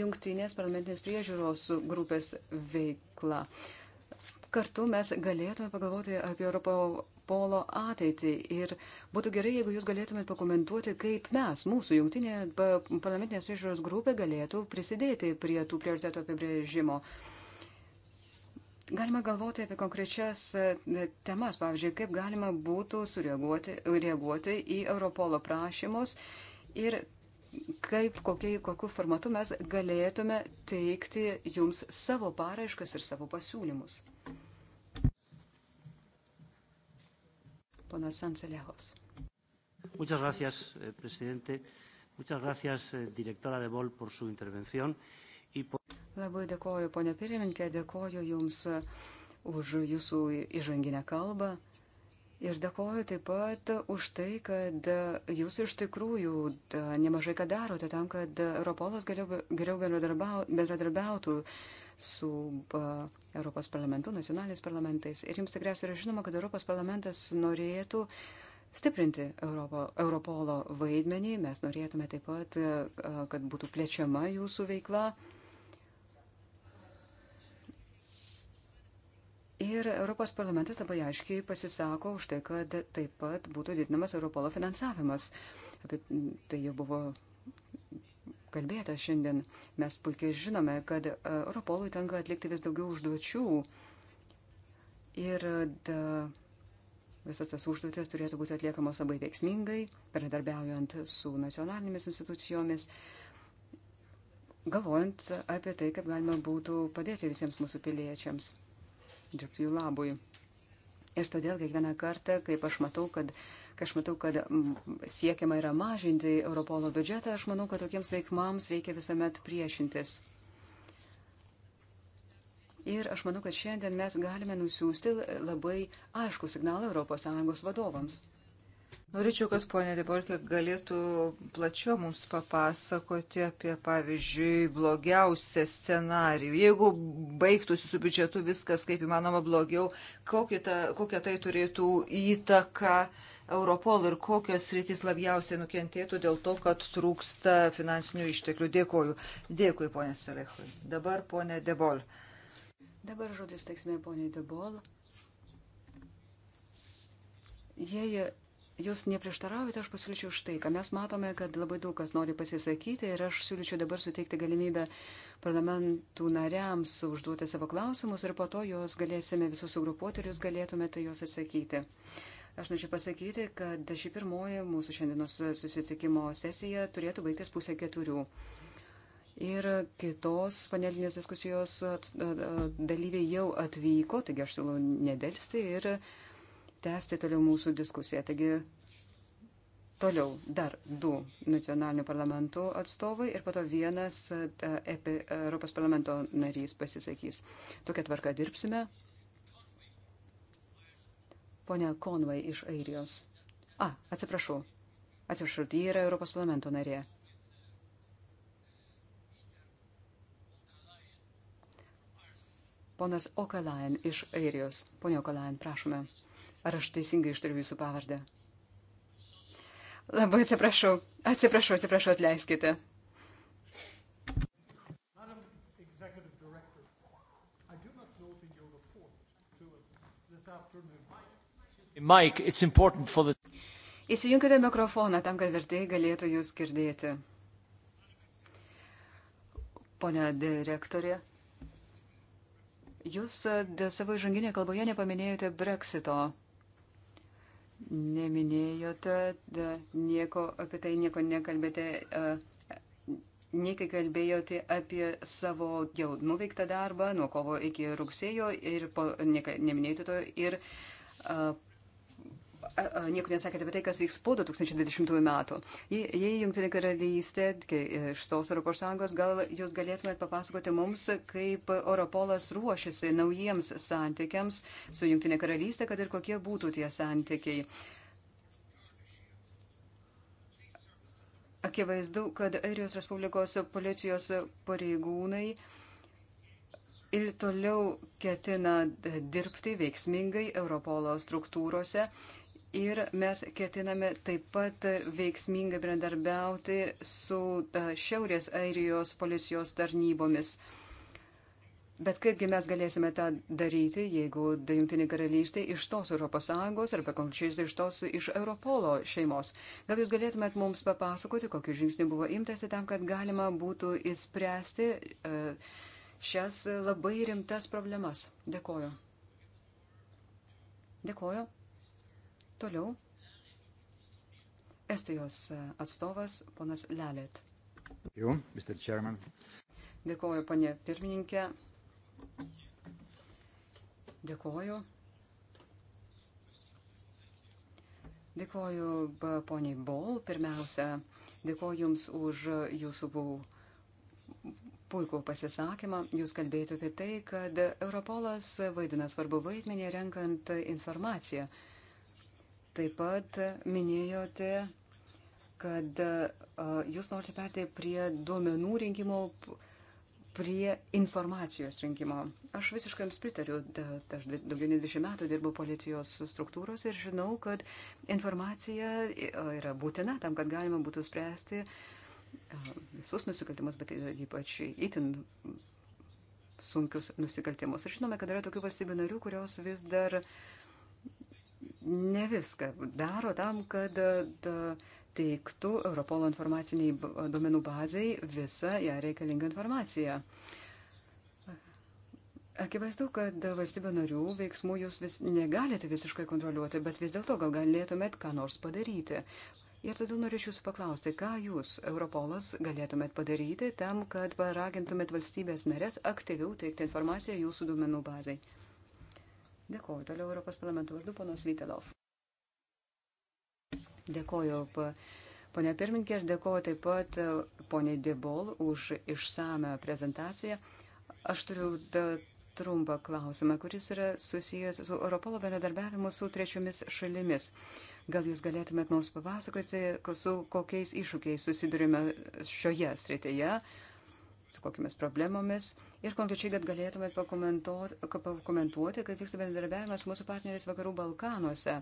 jungtinės parlamentinės priežiūros grupės veikla. Kartu mes galėtume pagalvoti apie Europolo ateitį ir būtų gerai, jeigu jūs galėtumėte pakomentuoti, kaip mes, mūsų jungtinė parlamentinės priežiūros grupė, galėtų prisidėti prie tų prioritetų apibrėžimo. Uh, Galima galvoti apie konkrečias e, temas, pavyzdžiui, kaip galima būtų sureaguoti reaguoti į Europolo prašymus ir kaip, kokie, kokiu formatu mes galėtume teikti jums savo paraiškas ir savo pasiūlymus. Ponas Sancelejos. Muchas gracias, eh, presidente. Muchas gracias, eh, directora de Vol, por su intervención. Y por... Labai dėkoju, ponė pirmininkė, dėkoju Jums už Jūsų įžanginę kalbą. Ir dėkoju taip pat už tai, kad jūs iš tikrųjų nemažai ką darote tam, kad Europolas geriau, geriau bendradarbiautų su Europos parlamentu, nacionaliniais parlamentais. Ir jums tikriausiai yra žinoma, kad Europos parlamentas norėtų stiprinti Europo, Europolo vaidmenį. Mes norėtume taip pat, kad būtų plečiama jūsų veikla. Ir Europos parlamentas labai aiškiai pasisako už tai, kad taip pat būtų didinamas Europolo finansavimas. Apie tai jau buvo kalbėta šiandien. Mes puikiai žinome, kad e, Europolui tenka atlikti vis daugiau užduočių. Ir da, visas tas užduotis turėtų būti atliekamos labai veiksmingai, bendradarbiaujant su nacionalinėmis institucijomis galvojant apie tai, kaip galima būtų padėti visiems mūsų piliečiams dirbti jų labui. Ir todėl kiekvieną kartą, kaip aš matau, kad kai aš matau, kad siekiama yra mažinti Europolo biudžetą, aš manau, kad tokiems veikmams reikia visuomet priešintis. Ir aš manau, kad šiandien mes galime nusiųsti labai aišku signalą ES vadovams. Norėčiau, kad ponė Deborkė galėtų plačiau mums papasakoti apie, pavyzdžiui, blogiausią scenarijų. Jeigu baigtųsi su biudžetu viskas kaip įmanoma blogiau, kokia, ta, kokia tai turėtų įtaka Europol ir kokios rytis labiausiai nukentėtų dėl to, kad trūksta finansinių išteklių. Dėkoju. Dėkui, ponė Selechui. Dabar ponė Debol. Dabar žodis teiksime ponė Debol. Jei jūs neprieštaraujate, aš pasiūlyčiau štai, ką mes matome, kad labai daug kas nori pasisakyti ir aš siūlyčiau dabar suteikti galimybę parlamentų nariams užduoti savo klausimus ir po to juos galėsime visus sugrupuoti ir jūs galėtumėte juos atsakyti. Aš norėčiau pasakyti, kad ši pirmoji mūsų šiandienos susitikimo sesija turėtų baigtis pusę keturių. Ir kitos panelinės diskusijos dalyviai jau atvyko, taigi aš siūlau nedelsti ir tęsti toliau mūsų diskusiją. Taigi toliau dar du nacionalinių parlamentų atstovai ir po to vienas EPI, e Europos parlamento narys pasisakys. Tokia tvarka dirbsime. Pone Konvai iš Airijos. A, atsiprašau. Atsiprašau, ji yra Europos parlamento narė. Ponas Okalajan iš Airijos. Pone Okalajan, prašome. Ar aš teisingai ištariu jūsų pavardę? Labai atsiprašau, atsiprašau, atsiprašau, atleiskite. Mike, the... Įsijunkite mikrofoną tam, kad vertėjai galėtų jūs girdėti. Pone direktorė, jūs e, savo žanginėje kalboje nepaminėjote Brexito neminėjote, da, nieko apie tai nieko nekalbėte, nei kai kalbėjote apie savo jau nuveiktą darbą nuo kovo iki rugsėjo ir po, ne, neminėjote to ir a, nieko nesakėte apie tai, kas vyks po 2020 metų. Jei Junktinė karalystė išstos e, Europos Sąjungos, gal jūs galėtumėt papasakoti mums, kaip Europolas ruošiasi naujiems santykiams su Junktinė karalystė, kad ir kokie būtų tie santykiai. Akivaizdu, kad Airijos Respublikos policijos pareigūnai ir toliau ketina dirbti veiksmingai Europolo struktūrose Ir mes ketiname taip pat veiksmingai bendarbiauti su e, Šiaurės Airijos policijos tarnybomis. Bet kaipgi mes galėsime tą daryti, jeigu Junktinė karalystė iš tos ES arba konkrečiai iš tos iš Europolo šeimos? Gal jūs galėtumėt mums papasakoti, kokiu žingsniu buvo imtasi tam, kad galima būtų įspręsti e, šias labai rimtas problemas? Dėkoju. Dėkoju. Toliau Estijos e, atstovas ponas Lelit. Jau, Mr. Chairman. Dėkoju, ponė pirmininkė. Dėkoju. Dėkoju, poniai Bol. Pirmiausia, dėkoju Jums už Jūsų puikų pasisakymą. Jūs kalbėjote apie tai, kad Europolas vaidina svarbu vaidmenį renkant informaciją Taip pat minėjote, kad jūs norite perti prie duomenų rinkimo, prie informacijos rinkimo. Aš visiškai jums pritariu, aš daugiau nei 20 metų dirbu policijos struktūros ir žinau, kad informacija yra būtina tam, kad galima būtų spręsti visus nusikaltimus, bet ypač įtin sunkius nusikaltimus. Ir žinome, kad yra tokių valstybių narių, kurios vis dar uh, ne viską daro tam, kad e, teiktų Europolo informaciniai duomenų bazai visą ją reikalingą informaciją. Akivaizdu, kad valstybių narių veiksmų jūs vis negalite visiškai kontroliuoti, bet vis dėlto gal galėtumėt ką nors padaryti. Ir todėl norėčiau jūsų paklausti, ką jūs, Europolas, galėtumėt padaryti tam, kad paragintumėt valstybės narės aktyviau teikti informaciją jūsų duomenų bazai. Dėkoju. Toliau Europos parlamento vardu ponas Vytelov. Dėkoju, ponė pirmininkė, aš dėkoju taip pat e, ponė Debol už išsame prezentaciją. Aš turiu trumpą klausimą, kuris yra susijęs su Europolo bendradarbiavimu su trečiomis šalimis. Gal jūs galėtumėt mums papasakoti, su kokiais iššūkiais susidurime šioje srityje? Uh, su kokiamis problemomis ir konkrečiai, kad galėtumėt pakomentuoti, kaip vyksta bendradarbiavimas mūsų partneriais Vakarų Balkanuose.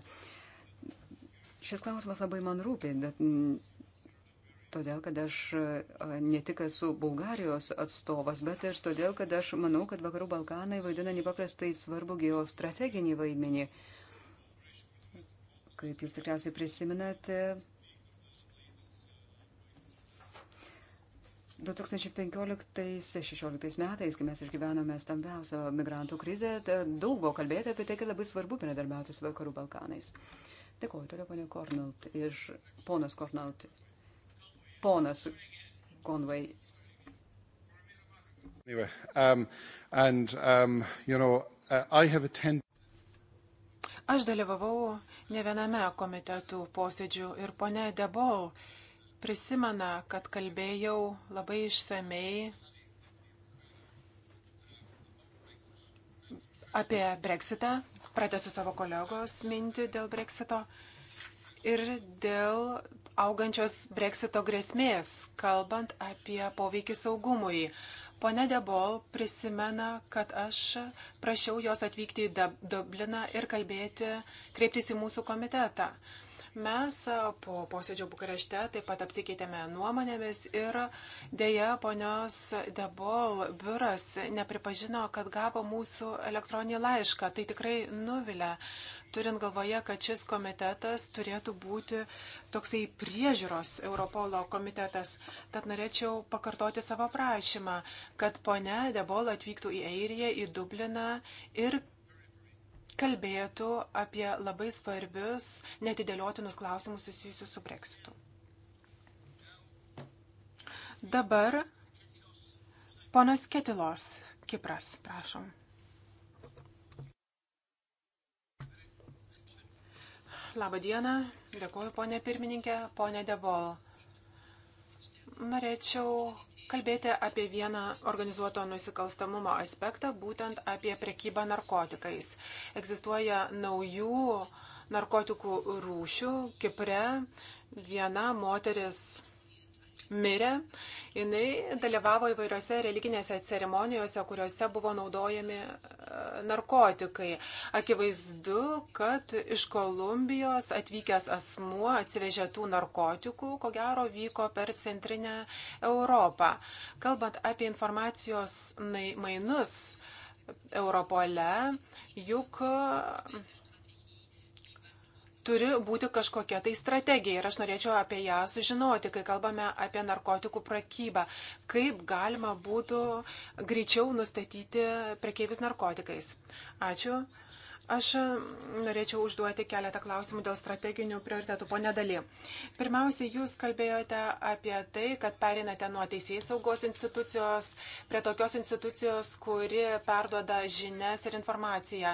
Šis klausimas labai man rūpi, bet mm, todėl, kad aš ne tik esu Bulgarijos atstovas, bet ir todėl, kad aš manau, kad Vakarų Balkanai vaidina nepaprastai svarbu geostrateginį vaidmenį. Kaip jūs tikriausiai prisiminate, 2015-2016 metais, kai mes išgyvenome stambiausią migrantų krizę, daug buvo kalbėta apie tai, kad labai svarbu bendradarbiauti su Vakarų Balkanais. Dėkuoju, toliau ponė Kornalt iš ponas Kornalt. Ponas Konvai. Anyway, um, and, um, you know, uh, I have attended. Aš dalyvavau ne viename komitetų posėdžių ir ponė Debol. Uh, prisimena, kad kalbėjau labai išsamei apie breksitą, pratęsiu savo kolegos mintį dėl breksito ir dėl augančios breksito grėsmės, kalbant apie poveikį saugumui. Pone Debol prisimena, kad aš prašiau jos atvykti į Dubliną ir kalbėti, kreiptis į mūsų komitetą. Mes po posėdžio Bukarešte taip pat apsikeitėme nuomonėmis ir dėja ponios Debol biuras nepripažino, kad gavo mūsų elektroninį laišką. Tai tikrai nuvilia, turint galvoje, kad šis komitetas turėtų būti toksai priežiūros Europolo komitetas. Tad norėčiau pakartoti savo prašymą, kad ponia Debol atvyktų į Airiją, į Dubliną ir kalbėtų apie labai svarbius netidėliotinus klausimus susijusius su breksitu. Dabar ponas Ketilos, Kipras, prašom. Labą dieną, dėkuoju ponė pirmininkė, ponė Debol. Norėčiau kalbėti apie vieną organizuoto nusikalstamumo aspektą, būtent apie prekybą narkotikais. Egzistuoja naujų narkotikų rūšių. Kipre viena moteris mirė, jinai dalyvavo įvairiose religinėse ceremonijose, kuriuose buvo naudojami e, narkotikai. Akivaizdu, kad iš Kolumbijos atvykęs asmuo atsivežė tų narkotikų, ko gero vyko per centrinę Europą. Kalbant apie informacijos mainus Europole, juk turi būti kažkokia tai strategija ir aš norėčiau apie ją sužinoti, kai kalbame apie narkotikų prekybą. Kaip galima būtų greičiau nustatyti prekeivis narkotikais? Ačiū. Aš e, norėčiau užduoti keletą klausimų dėl strateginių prioritetų. Pone Dali, pirmiausia, jūs kalbėjote apie tai, kad perinate nuo teisėjai saugos institucijos prie tokios institucijos, kuri perduoda žinias ir informaciją.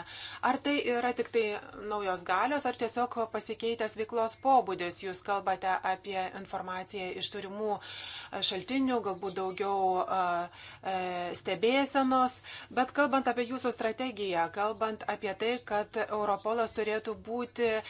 Ar tai yra tik tai naujos galios, ar tiesiog pasikeitęs veiklos pobūdis? Jūs kalbate apie informaciją iš turimų e, šaltinių, galbūt daugiau e, stebėsenos, bet kalbant apie jūsų strategiją, kalbant apie tai, kad Europolas turėtų būti e,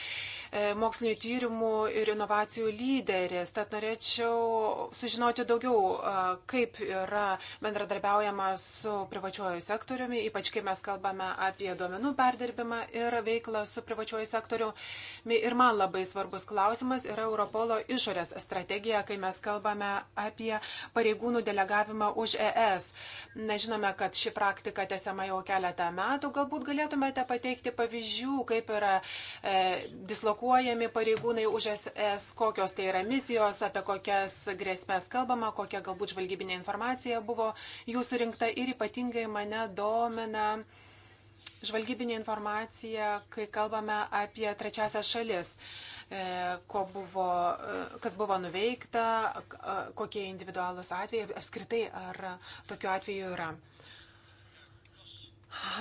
mokslinio tyrimų ir inovacijų lyderis. Tad norėčiau sužinoti daugiau, e, kaip yra bendradarbiaujama su privačiuoju sektoriumi, ypač kai mes kalbame apie duomenų perdirbimą ir veiklą su privačiuoju sektoriumi. Ir man labai svarbus klausimas yra Europolo išorės strategija, kai mes kalbame apie pareigūnų delegavimą už e ES. Nežinome, kad ši praktika tęsiama jau keletą metų. Galbūt galėtumėte pateikti pateikti pavyzdžių, kaip yra e, dislokuojami pareigūnai už SS, kokios tai yra misijos, apie kokias grėsmės kalbama, kokia galbūt žvalgybinė informacija buvo jų surinkta ir ypatingai mane domina žvalgybinė informacija, kai kalbame apie trečiasias šalis e, ko buvo, e, kas buvo nuveikta, kokie individualūs atvejai, apskritai ar tokių atvejų yra.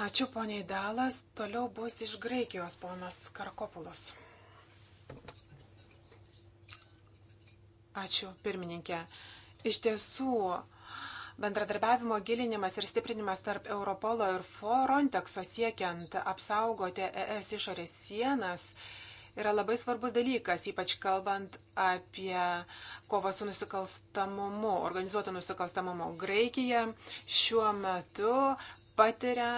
Ačiū poniai Dalas. Toliau bus iš Graikijos ponas Karakopulos. Ačiū, pirmininkė. Iš tiesų, bendradarbiavimo gilinimas ir stiprinimas tarp Europolo ir Frontexo siekiant apsaugoti ES išorės sienas yra labai svarbus dalykas, ypač kalbant apie kovą su nusikalstamumu, organizuotu nusikalstamumu. Graikija šiuo metu patiria,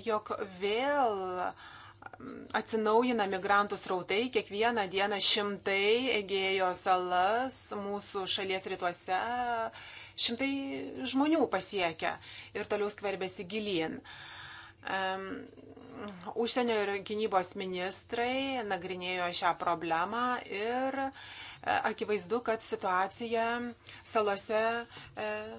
jog vėl mm, atsinaujina migrantų srautai, kiekvieną dieną šimtai Egėjo salas mūsų šalies rytuose, šimtai žmonių pasiekia ir toliau skverbėsi gilin. Um, užsienio ir gynybos ministrai nagrinėjo šią problemą ir e, akivaizdu, kad situacija salose um,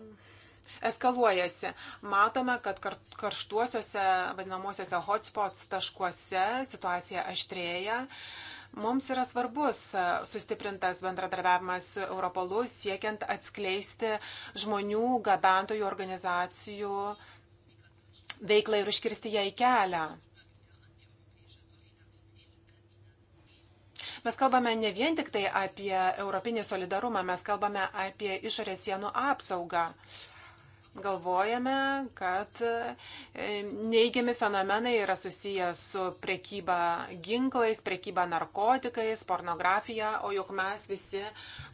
eskaluojasi. Matome, kad karštuosiuose, vadinamosiuose hotspots taškuose situacija aštrėja. Mums yra svarbus e, sustiprintas bendradarbiavimas su Europolu, siekiant atskleisti žmonių, gabentojų organizacijų veiklą ir užkirsti ją į kelią. mes kalbame ne vien tik tai apie europinį solidarumą, mes kalbame apie išorės sienų apsaugą galvojame, kad e, neigiami fenomenai yra susiję su prekyba ginklais, prekyba narkotikais, pornografija, o juk mes visi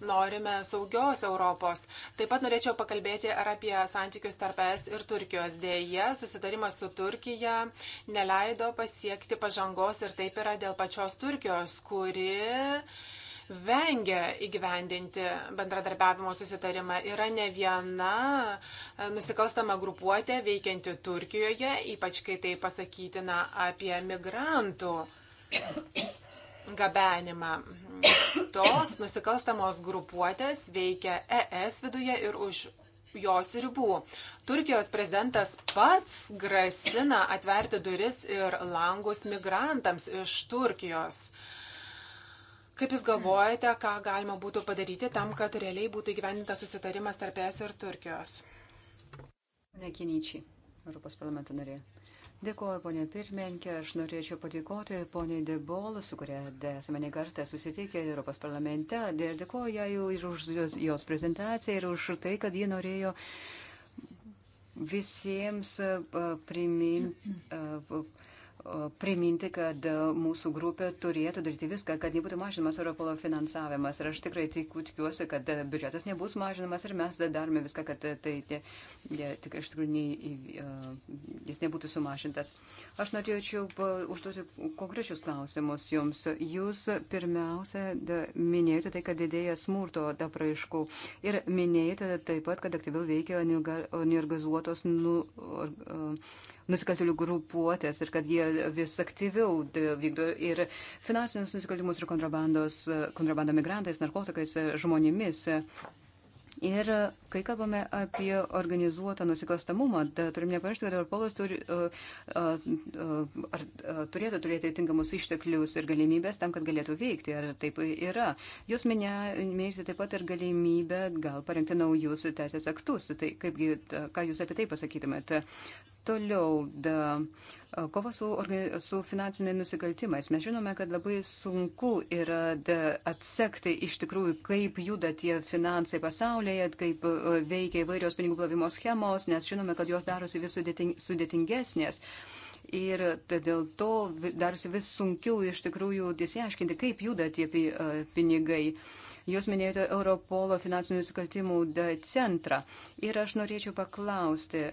norime saugios Europos. Taip pat norėčiau pakalbėti ir apie santykius tarp es ir Turkijos. Dėje susitarimas su Turkija neleido pasiekti pažangos ir taip yra dėl pačios Turkijos, kuri vengia įgyvendinti bendradarbiavimo susitarimą. Yra ne viena e, nusikalstama grupuotė veikianti Turkijoje, ypač kai tai pasakytina apie migrantų gabenimą. Tos nusikalstamos grupuotės veikia ES viduje ir už jos ribų. Turkijos prezidentas pats grasina atverti duris ir langus migrantams iš Turkijos. Uh, Kaip Jūs galvojate, ką galima būtų padaryti tam, kad realiai būtų įgyvendintas susitarimas tarp ES ir Turkijos? Nekinyčiai, Europos parlamento narė. Dėkuoju, ponė pirmininkė, aš norėčiau padėkoti ponė Debol, su kuria esame nekartą susitikę Europos parlamente. Dėkuoju jai ir už jos prezentaciją ir už tai, kad ji norėjo visiems priminti. Uh, uh priminti, kad mūsų grupė turėtų daryti viską, kad nebūtų mažinamas Europolo finansavimas. Ir aš tikrai tikiuosi, kad biudžetas nebus mažinamas ir mes darome viską, kad tai, tai, tai tik iš tikrųjų ne, jis nebūtų sumažintas. Aš norėčiau užduoti konkrečius klausimus jums. Jūs pirmiausia da, minėjote tai, kad didėja smurto apraiškų ir minėjote taip pat, kad aktyviau veikia neorganizuotos. Nu, or, or, nusikaltėlių grupuotės ir kad jie vis aktyviau vykdo ir finansinius nusikaltimus ir kontrabandą migrantais, narkotikais, žmonėmis. Ir kai kalbame apie organizuotą nusikalstamumą, turim nepamiršti, kad Europolas turi, uh, uh, uh, turėtų turėti tinkamus išteklius ir galimybės tam, kad galėtų veikti. Ar taip yra? Jūs minėjote taip pat ir galimybę gal parengti naujus teisės aktus. Tai kaipgi, ką jūs apie tai pasakytumėte? Toliau, da, kova su, su finansiniais nusikaltimais. Mes žinome, kad labai sunku yra da, atsekti iš tikrųjų, kaip juda tie finansai pasaulyje, kaip veikia įvairios pinigų plovimo schemos, nes žinome, kad jos darosi vis sudėting, sudėtingesnės. Ir dėl to darosi vis sunkiau iš tikrųjų įsiaiškinti, kaip juda tie pinigai. Jūs minėjote Europolo finansinių nusikaltimų centrą. Ir aš norėčiau paklausti,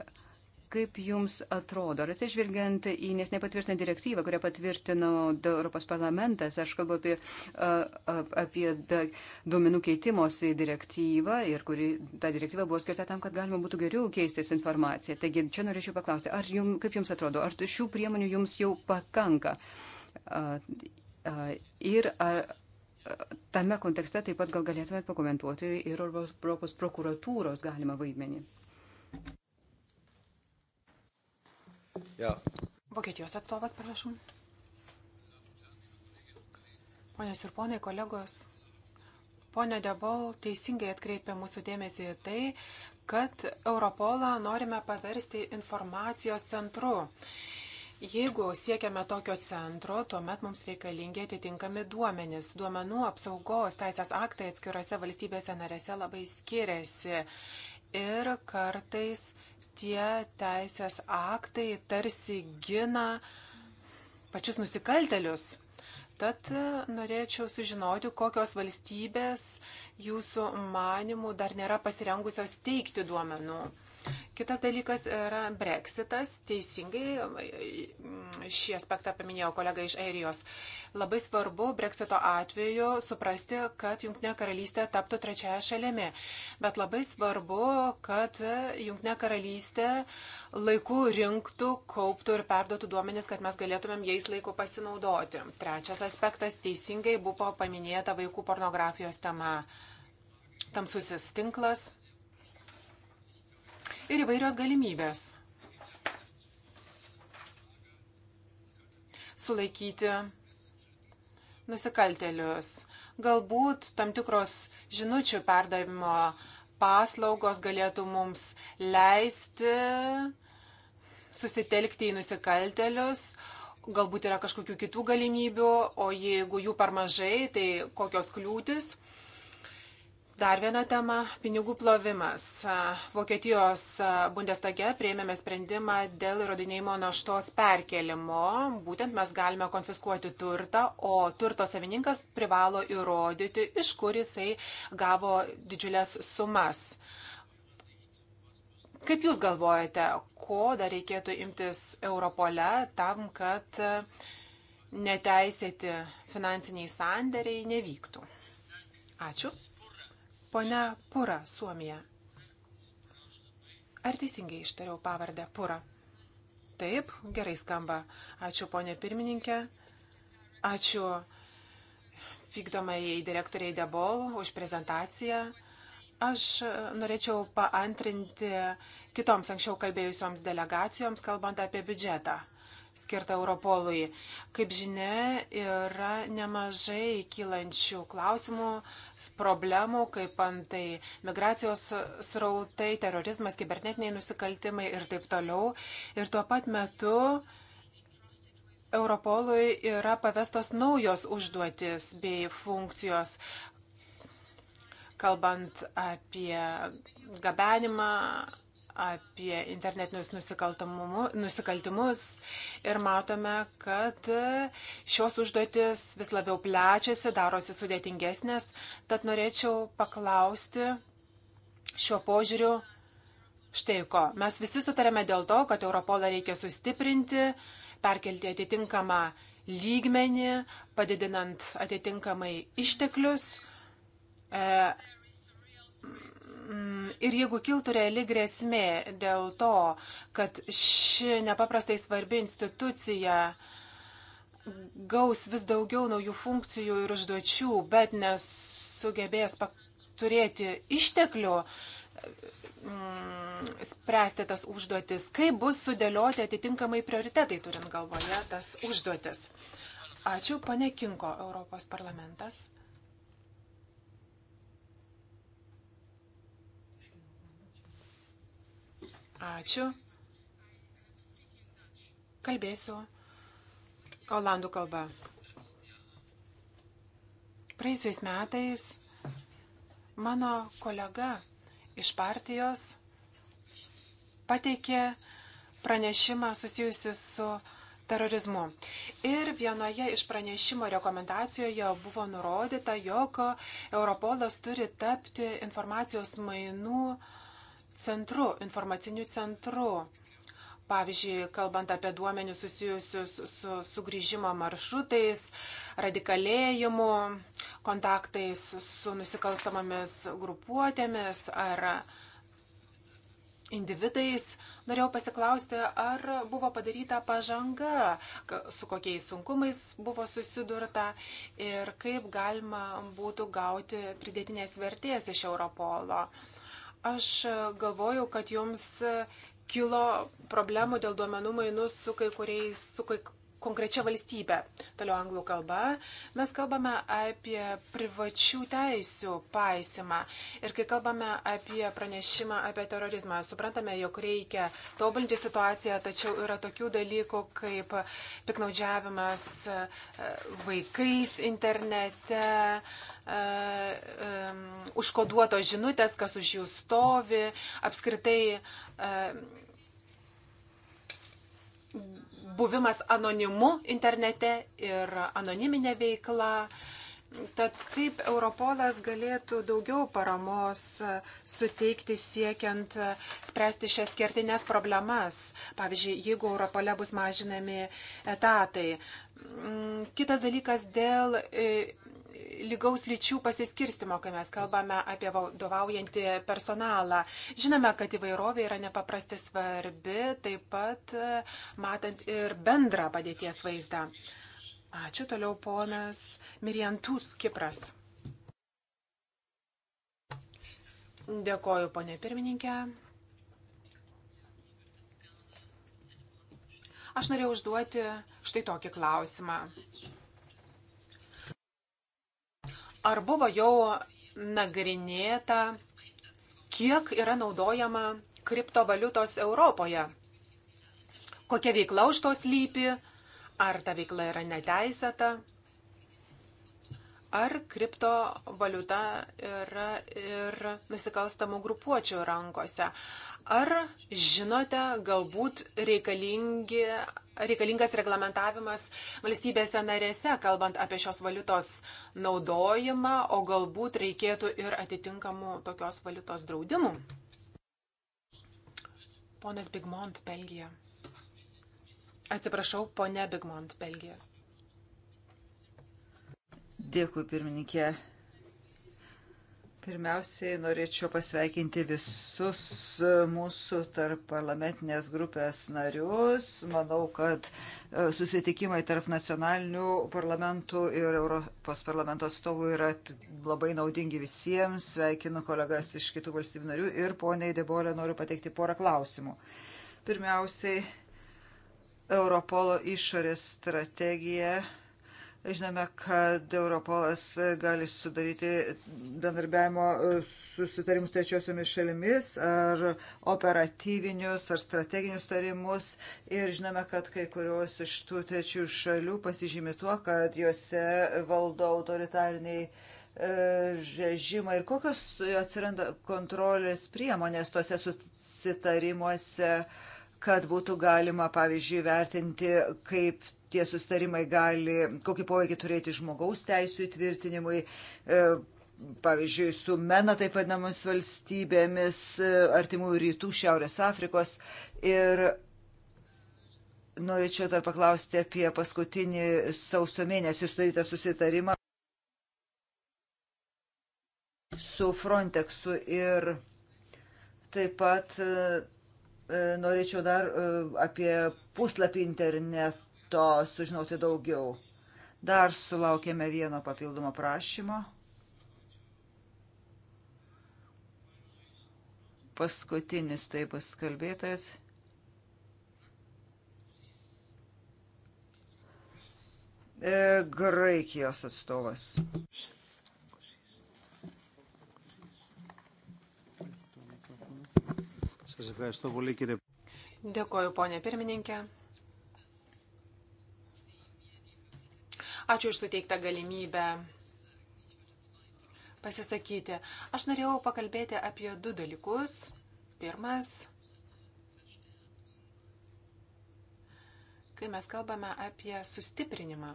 Kaip Jums atrodo, ar atsižvelgiant į nesnepatvirtintą direktyvą, kurią patvirtino Europos parlamentas, aš kalbu apie, apie duomenų keitimosi direktyvą ir kuri ta direktyva buvo skirta tam, kad galima būtų geriau keistis informaciją. Taigi čia norėčiau paklausti, ar jums, kaip Jums atrodo, ar šių priemonių Jums jau pakanka? Ir ar tame kontekste taip pat gal galėtumėt pakomentuoti ir Europos prokuratūros galimą vaidmenį? Ja. Vokietijos atstovas, prašom. Ponios ir ponai, kolegos. Pone Debol teisingai atkreipė mūsų dėmesį į tai, kad Europolą norime paversti informacijos centru. Jeigu siekiame tokio centro, tuomet mums reikalingi atitinkami duomenys. Duomenų apsaugos teisės aktai atskirose valstybėse narėse labai skiriasi ir kartais tie teisės aktai tarsi gina pačius nusikaltelius. Tad e, norėčiau sužinoti, kokios valstybės jūsų manimų dar nėra pasirengusios teikti duomenų. Kitas dalykas yra breksitas. Teisingai šį aspektą paminėjo kolega iš Airijos. Labai svarbu breksito atveju suprasti, kad Junktinė karalystė taptų trečiaja šalimi. Bet labai svarbu, kad Junktinė karalystė laiku rinktų, kauptų ir perduotų duomenis, kad mes galėtumėm jais laiku pasinaudoti. Trečias aspektas teisingai buvo paminėta vaikų pornografijos tema. Tamsusis tinklas ir įvairios galimybės. Sulaikyti nusikaltelius. Galbūt tam tikros žinučių perdavimo paslaugos galėtų mums leisti susitelkti į nusikaltelius, galbūt yra kažkokių kitų galimybių, o jeigu jų per mažai, tai kokios kliūtis. Dar viena tema - pinigų plovimas. Vokietijos Bundestage prieimėme sprendimą dėl įrodinėjimo naštos perkelimo. Būtent mes galime konfiskuoti turtą, o turto savininkas privalo įrodyti, iš kur jisai gavo didžiulės sumas. Kaip Jūs galvojate, ko dar reikėtų imtis Europole tam, kad neteisėti finansiniai sandėriai nevyktų? Ačiū. Pone Pura, Suomija. Ar teisingai ištariau pavardę Pura? Taip, gerai skamba. Ačiū, ponė pirmininkė. Ačiū vykdomai direktoriai Debol už prezentaciją. Aš norėčiau paantrinti kitoms anksčiau kalbėjusioms delegacijoms, kalbant apie biudžetą skirtą Europolui. Kaip žinia, yra nemažai kylančių klausimų, problemų, kaip antai migracijos srautai, terorizmas, kibernetiniai nusikaltimai ir taip toliau. Ir tuo pat metu Europolui yra pavestos naujos užduotis bei funkcijos, kalbant apie gabenimą apie internetinius nusikaltimus ir matome, kad šios užduotis vis labiau plečiasi, darosi sudėtingesnės. Tad norėčiau paklausti šiuo požiūriu štai ko. Mes visi sutarėme dėl to, kad Europolą reikia sustiprinti, perkelti atitinkamą lygmenį, padidinant atitinkamai išteklius. E, Mm, ir jeigu kiltų reali grėsmė dėl to, kad ši nepaprastai svarbi institucija gaus vis daugiau naujų funkcijų ir užduočių, bet nesugebės turėti išteklių, mm, spręsti tas užduotis, kaip bus sudėlioti atitinkamai prioritetai, turint galvoje tas užduotis. Ačiū, pane Kinko, Europos parlamentas. Ačiū. Kalbėsiu olandų kalba. Praėjusiais metais mano kolega iš partijos pateikė pranešimą susijusi su terorizmu. Ir vienoje iš pranešimo rekomendacijoje buvo nurodyta, jog Europolas turi tapti informacijos mainų uh, centru, informaciniu centru. Pavyzdžiui, kalbant apie duomenys susijusius su sugrįžimo maršrutais, radikalėjimu, kontaktais su nusikalstamomis grupuotėmis ar individais, norėjau pasiklausti, ar buvo padaryta pažanga, su kokiais sunkumais buvo susidurta ir kaip galima būtų gauti pridėtinės vertės iš Europolo. Uh, Aš e, galvojau, kad jums e, kilo problemų dėl duomenų mainų su kai kuriais, su kai konkrečia valstybė. Toliau anglų kalba. Mes kalbame apie privačių teisių paisimą. Ir kai kalbame apie pranešimą apie terorizmą, suprantame, jog reikia tobulinti situaciją, tačiau yra tokių dalykų kaip piknaudžiavimas e, vaikais internete, um, užkoduotos žinutės, kas už jų stovi, apskritai um, buvimas anonimu internete ir anoniminė veikla. Tad kaip Europolas galėtų daugiau paramos suteikti siekiant spręsti šias kertinės problemas, pavyzdžiui, jeigu Europole bus mažinami etatai. Mm, kitas dalykas dėl lygaus lyčių pasiskirstimo, kai mes kalbame apie vadovaujantį personalą. Žinome, kad įvairovė yra nepaprastai svarbi, taip pat e, matant ir bendrą padėties vaizdą. Ačiū toliau ponas Miriantus Kipras. Dėkoju, ponė pirmininkė. Aš norėjau užduoti štai tokį klausimą. Ar buvo jau nagrinėta, kiek yra naudojama kriptovaliutos Europoje? Kokia veikla už to slypi? Ar ta veikla yra neteisėta? Ar kriptovaliuta yra ir nusikalstamų grupuočių rankose? Ar žinote, galbūt reikalingi reikalingas reglamentavimas valstybėse narėse, kalbant apie šios valiutos naudojimą, o galbūt reikėtų ir atitinkamų tokios valiutos draudimų. Ponas Bigmont, Belgija. Atsiprašau, ponė Bigmont, Belgija. Dėkui, pirmininkė. Pirmiausiai norėčiau pasveikinti visus mūsų tarp parlamentinės grupės narius. Manau, kad e, susitikimai tarp nacionalinių parlamentų ir Europos parlamento atstovų yra labai naudingi visiems. Sveikinu kolegas iš kitų valstybių narių ir poniai Debolė noriu pateikti porą klausimų. Pirmiausiai, Europolo išorės strategija Žinome, kad Europolas gali sudaryti bendarbiavimo e, susitarimus trečiosiomis šalimis ar operatyvinius ar strateginius tarimus. Ir žinome, kad kai kurios iš tų trečių šalių pasižymi tuo, kad juose valdo autoritariniai e, režimą ir kokios atsiranda kontrolės priemonės tuose susitarimuose, kad būtų galima, pavyzdžiui, vertinti, kaip tie sustarimai gali, kokį poveikį turėti žmogaus teisų įtvirtinimui, e, pavyzdžiui, su MENA taip vadinamomis valstybėmis, e, artimųjų rytų, Šiaurės Afrikos. Ir norėčiau dar paklausti apie paskutinį sausio mėnesį sudarytą susitarimą su Frontexu ir taip pat e, norėčiau dar apie puslapį internetu to sužinoti daugiau. Dar sulaukėme vieno papildomo prašymo. Paskutinis tai bus kalbėtojas. E, Graikijos atstovas. Dėkoju, ponė pirmininkė. Ačiū už suteiktą galimybę pasisakyti. Aš norėjau pakalbėti apie du dalykus. Pirmas, kai mes kalbame apie sustiprinimą.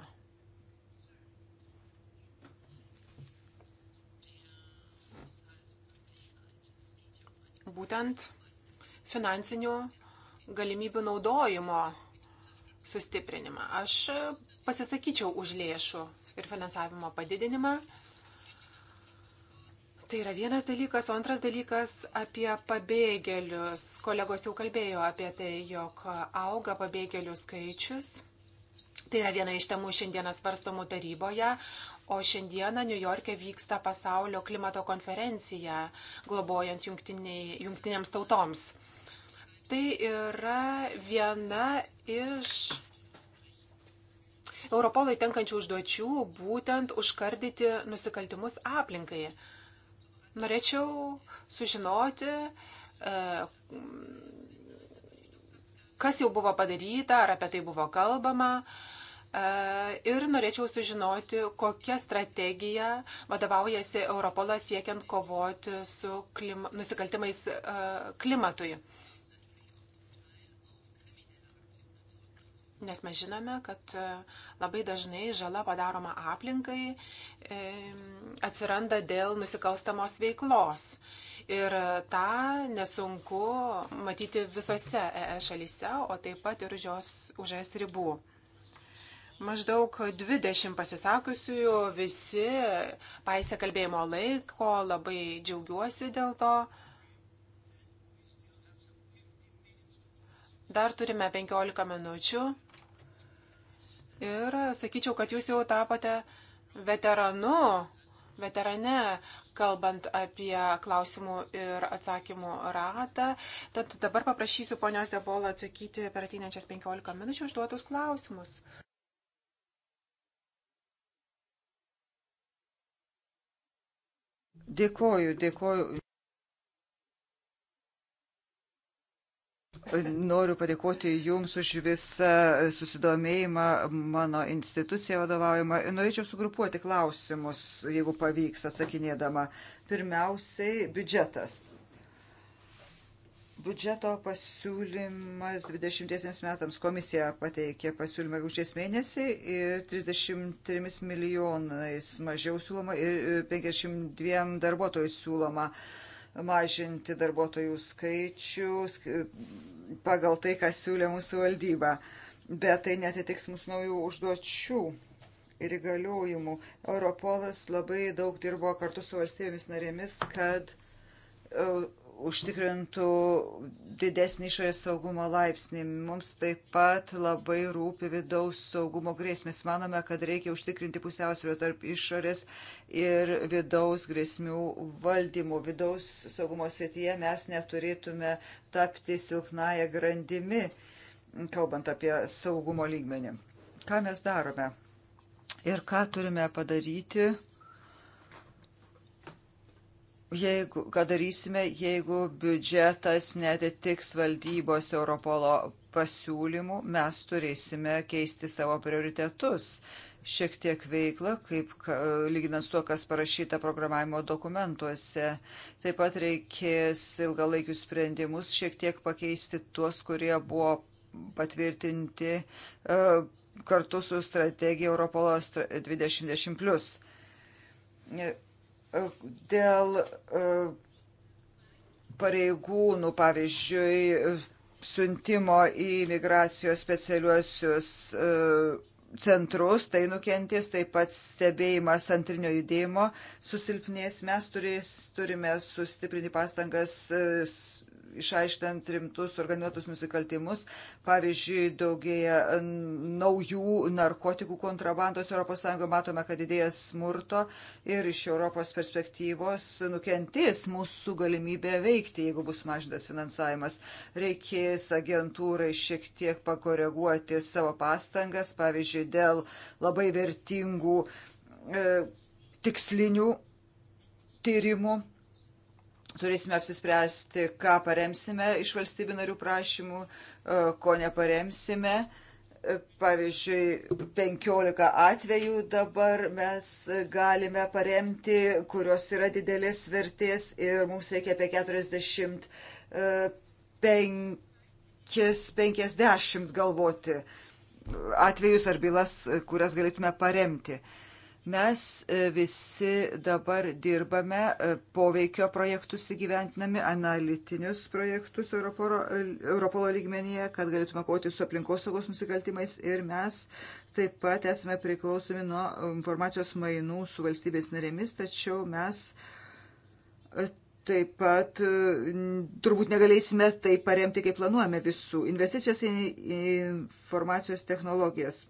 Būtent finansinių galimybių naudojimo sustiprinimą. Aš pasisakyčiau už lėšų ir finansavimo padidinimą. Tai yra vienas dalykas, o antras dalykas apie pabėgėlius. Kolegos jau kalbėjo apie tai, jog auga pabėgėlių skaičius. Tai yra viena iš temų šiandieną svarstomų taryboje, o šiandieną New York'e vyksta pasaulio klimato konferencija, globojant jungtiniams tautoms. Tai yra viena iš Europolui tenkančių užduočių būtent užkardyti nusikaltimus aplinkai. Norėčiau sužinoti, e, kas jau buvo padaryta, ar apie tai buvo kalbama. E, ir norėčiau sužinoti, kokia strategija vadovaujasi Europolas siekiant kovoti su klim, nusikaltimais e, klimatui. Nes mes žinome, kad e, labai dažnai žala padaroma aplinkai e, atsiranda dėl nusikalstamos veiklos. Ir tą nesunku matyti visose ES e šalyse, o taip pat ir už jos už es ribų. Maždaug 20 pasisakusiųjų visi paisė kalbėjimo laiko, labai džiaugiuosi dėl to. Dar turime 15 minučių Ir sakyčiau, kad jūs jau tapote veteranu, veterane, kalbant apie klausimų ir atsakymų ratą. Tad dabar paprašysiu ponios Debolo atsakyti per ateinančias 15 minučių užduotus klausimus. Dėkoju, dėkoju. Noriu padėkoti Jums už visą susidomėjimą mano instituciją vadovaujama. Norėčiau sugrupuoti klausimus, jeigu pavyks atsakinėdama. Pirmiausiai, biudžetas. Biudžeto pasiūlymas 20 metams komisija pateikė pasiūlymą gaužės mėnesį ir 33 milijonais mažiau siūloma ir 52 e, darbuotojų siūloma. Uh, mažinti darbuotojų skaičių pagal tai, kas siūlė mūsų valdyba. Bet tai netitiks mūsų naujų užduočių ir įgaliojimų. Europolas labai daug dirbo kartu su valstybėmis narėmis, kad e, užtikrintų didesnį išorės saugumo laipsnį. Mums taip pat labai rūpi vidaus saugumo grėsmės. Manome, kad reikia užtikrinti pusiausvyrą tarp išorės ir vidaus grėsmių valdymų. Vidaus saugumo srityje mes neturėtume tapti silpnąją grandimi, kalbant apie saugumo lygmenį. Ką mes darome ir ką turime padaryti jeigu, ką darysime, jeigu biudžetas netitiks valdybos Europolo pasiūlymų, mes turėsime keisti savo prioritetus. Šiek tiek veikla, kaip lyginant su to, kas parašyta programavimo dokumentuose. Taip pat reikės ilgalaikius sprendimus šiek tiek pakeisti tuos, kurie buvo patvirtinti e, kartu su strategija Europolo 2020. E, dėl e, pareigūnų, pavyzdžiui, siuntimo į migracijos specialiuosius e, centrus, tai nukentės, taip pat stebėjimas antrinio judėjimo susilpnės. Mes turės, turime sustiprinti pastangas išaiškinant rimtus organizuotus nusikaltimus. Pavyzdžiui, daugėja naujų narkotikų kontrabandos ES, matome, kad didėja smurto ir iš Europos perspektyvos nukentės mūsų galimybė veikti, jeigu bus mažintas finansavimas. Reikės agentūrai šiek tiek pakoreguoti savo pastangas, pavyzdžiui, dėl labai vertingų e, tikslinių tyrimų turėsime apsispręsti, ką paremsime iš valstybių narių prašymų, e, ko neparemsime. E, pavyzdžiui, 15 atvejų dabar mes galime paremti, kurios yra didelės vertės ir mums reikia apie 45-50 e, galvoti atvejus ar bylas, kurias galėtume paremti. Uh, Mes e, visi dabar dirbame e, poveikio projektus įgyventinami, analitinius projektus Europoro, e, Europolo lygmenyje, kad galėtume kovoti su aplinkosaugos nusikaltimais ir mes taip pat esame priklausomi nuo informacijos mainų su valstybės narėmis, tačiau mes taip pat turbūt negalėsime tai paremti, kaip planuojame visų investicijos į informacijos technologijas.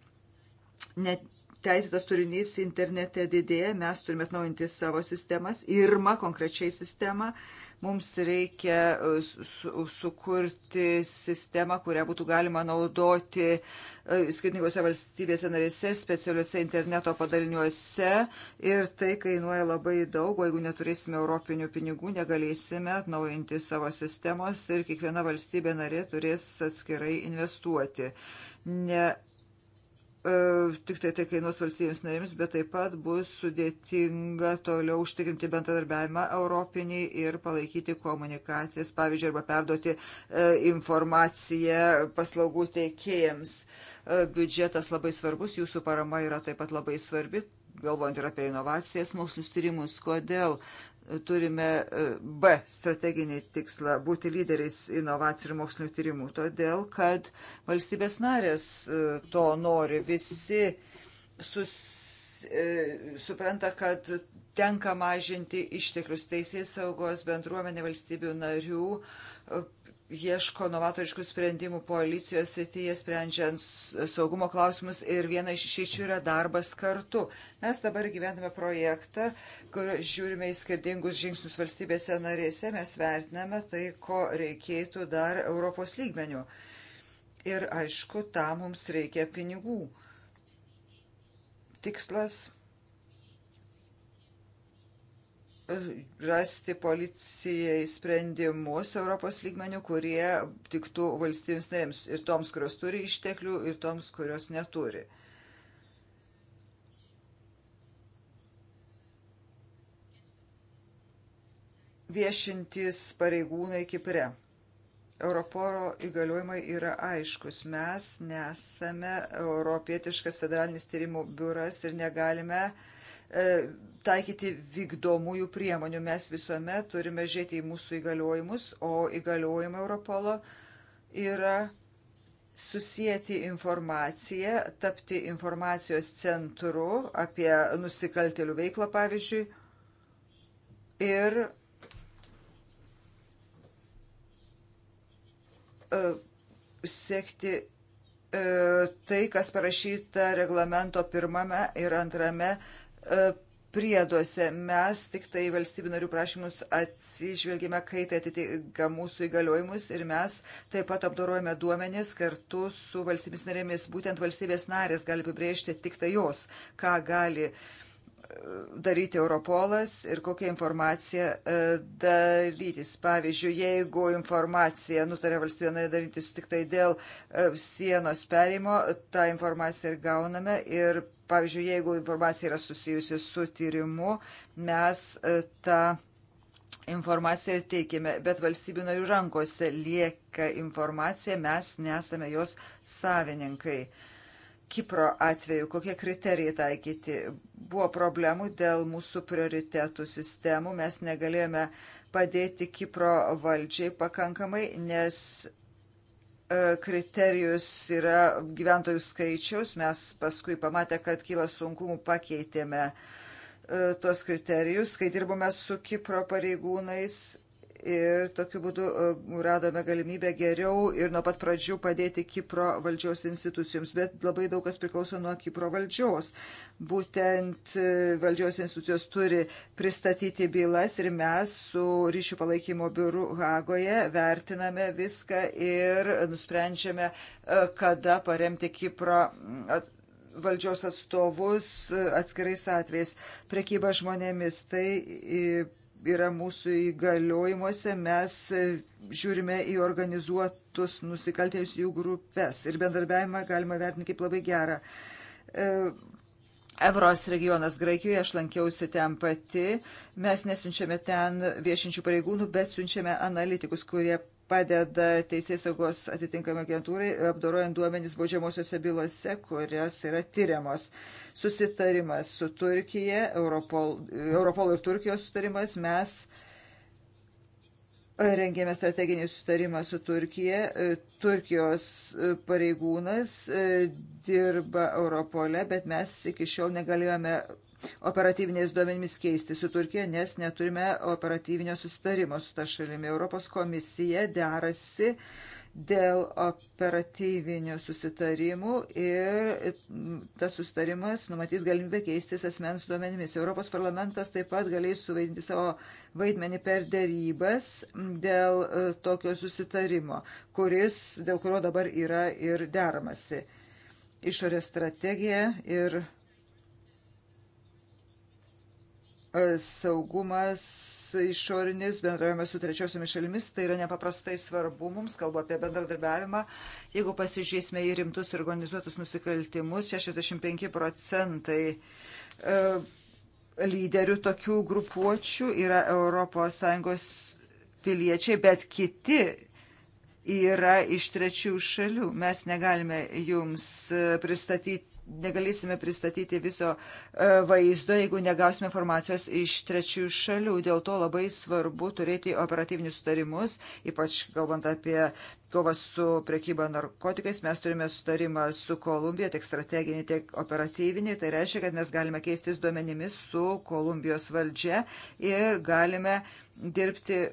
Net teisėtas turinys internete didėja, mes turime atnaujinti savo sistemas, IRMA konkrečiai sistemą. Mums reikia e, su, sukurti sistemą, kurią būtų galima naudoti e, skirtingose valstybėse narėse, specialiuose interneto padaliniuose ir tai kainuoja labai daug, o jeigu neturėsime europinių pinigų, negalėsime atnaujinti savo sistemos ir kiekviena valstybė narė turės atskirai investuoti. Ne, E, tik tai tai kainuos valstybėms narėms, bet taip pat bus sudėtinga toliau užtikrinti bendradarbiavimą europinį ir palaikyti komunikacijas, pavyzdžiui, arba perduoti e, informaciją paslaugų teikėjams. E, biudžetas labai svarbus, jūsų parama yra taip pat labai svarbi, galvojant ir apie inovacijas, mokslinius tyrimus, kodėl turime e, B strateginį tikslą - būti lyderiais inovacijų ir mokslinių tyrimų, todėl kad valstybės narės e, to nori, visi sus, e, supranta, kad tenka mažinti išteklius teisės saugos bendruomenė valstybių narių ieško novatoriškų sprendimų policijos srityje, sprendžiant saugumo klausimus ir viena iš išeičių yra darbas kartu. Mes dabar gyvename projektą, kur žiūrime į skirtingus žingsnius valstybėse narėse, mes vertiname tai, ko reikėtų dar Europos lygmenių. Ir aišku, tam mums reikia pinigų. Tikslas rasti policijai sprendimus Europos lygmenių, kurie tiktų valstybėms narėms ir toms, kurios turi išteklių, ir toms, kurios neturi. Viešintys pareigūnai Kipre. Europoro įgaliojimai yra aiškus. Mes nesame Europietiškas federalinis tyrimų biuras ir negalime e, taikyti vykdomųjų priemonių. Mes visuomet turime žiūrėti į mūsų įgaliojimus, o įgaliojimai Europolo yra susijęti informaciją, tapti informacijos centru apie nusikaltelių veiklą, pavyzdžiui, ir uh, sekti uh, tai, kas parašyta reglamento pirmame ir antrame uh, prieduose. Mes tik tai valstybių narių prašymus atsižvelgime, kai tai atitinka mūsų įgaliojimus ir mes taip pat apdorojame duomenis kartu su valstybės narėmis. Būtent valstybės narės gali apibrėžti tik tai jos, ką gali e, daryti Europolas ir kokią informaciją e, dalytis. Pavyzdžiui, jeigu informacija nutarė valstybė dalytis tik tai dėl e, sienos perimo, tą informaciją ir gauname ir pavyzdžiui, jeigu informacija yra susijusi su tyrimu, mes e, tą informaciją ir teikime, bet valstybių narių rankose lieka informacija, mes nesame jos savininkai. Kipro atveju, kokie kriterijai taikyti. Buvo problemų dėl mūsų prioritetų sistemų, mes negalėjome padėti Kipro valdžiai pakankamai, nes E, kriterijus yra gyventojų skaičiaus, mes paskui pamatę, kad kyla sunkumų, pakeitėme e, tuos kriterijus, kai dirbome su Kipro pareigūnais ir tokiu būdu e, radome galimybę geriau ir nuo pat pradžių padėti Kipro valdžios institucijoms, bet labai daug kas priklauso nuo Kipro valdžios. Būtent e, valdžios institucijos turi pristatyti bylas ir mes su ryšių palaikymo biuru Hagoje vertiname viską ir nusprendžiame, e, kada paremti Kipro valdžios atstovus atskirais atvejais. Prekyba žmonėmis tai yra mūsų įgaliojimuose, mes e, žiūrime į organizuotus nusikaltėjus jų grupės ir bendarbiavimą galima vertinti kaip labai gerą. E, Evros regionas Graikijoje, aš lankiausi ten pati, mes nesunčiame ten viešinčių pareigūnų, bet siunčiame analitikus, kurie padeda teisės saugos atitinkamai agentūrai, apdorojant duomenys baudžiamosiose bylose, kurios yra tyriamos. Susitarimas su Turkija, Europol, Europol ir Turkijos sutarimas, mes rengėme strateginį sustarimą su Turkija. Turkijos pareigūnas dirba Europole, bet mes iki šiol negalėjome operatyviniais duomenimis keisti su Turkija, nes neturime operatyvinio susitarimo su ta šalimi. Europos komisija derasi dėl operatyvinių susitarimų ir tas susitarimas numatys galimybę keistis asmens duomenimis. Europos parlamentas taip pat galės suvaidinti savo vaidmenį per dėrybas dėl e, tokio susitarimo, kuris, dėl kurio dabar yra ir deramasi. Išorės strategija ir saugumas išorinis, bendravimas su trečiosiomis šalimis, tai yra nepaprastai svarbu mums, kalbu apie bendradarbiavimą. Jeigu pasižiūrėsime į rimtus ir organizuotus nusikaltimus, 65 procentai e, lyderių tokių grupuočių yra ES piliečiai, bet kiti yra iš trečių šalių. Mes negalime jums e, pristatyti negalėsime pristatyti viso e, vaizdo, jeigu negausime informacijos iš trečių šalių. Dėl to labai svarbu turėti operatyvinius sutarimus, ypač kalbant apie kovą su prekyba narkotikais. Mes turime sutarimą su Kolumbija, tiek strateginį, tiek operatyvinį. Tai reiškia, kad mes galime keistis duomenimis su Kolumbijos valdžia ir galime dirbti.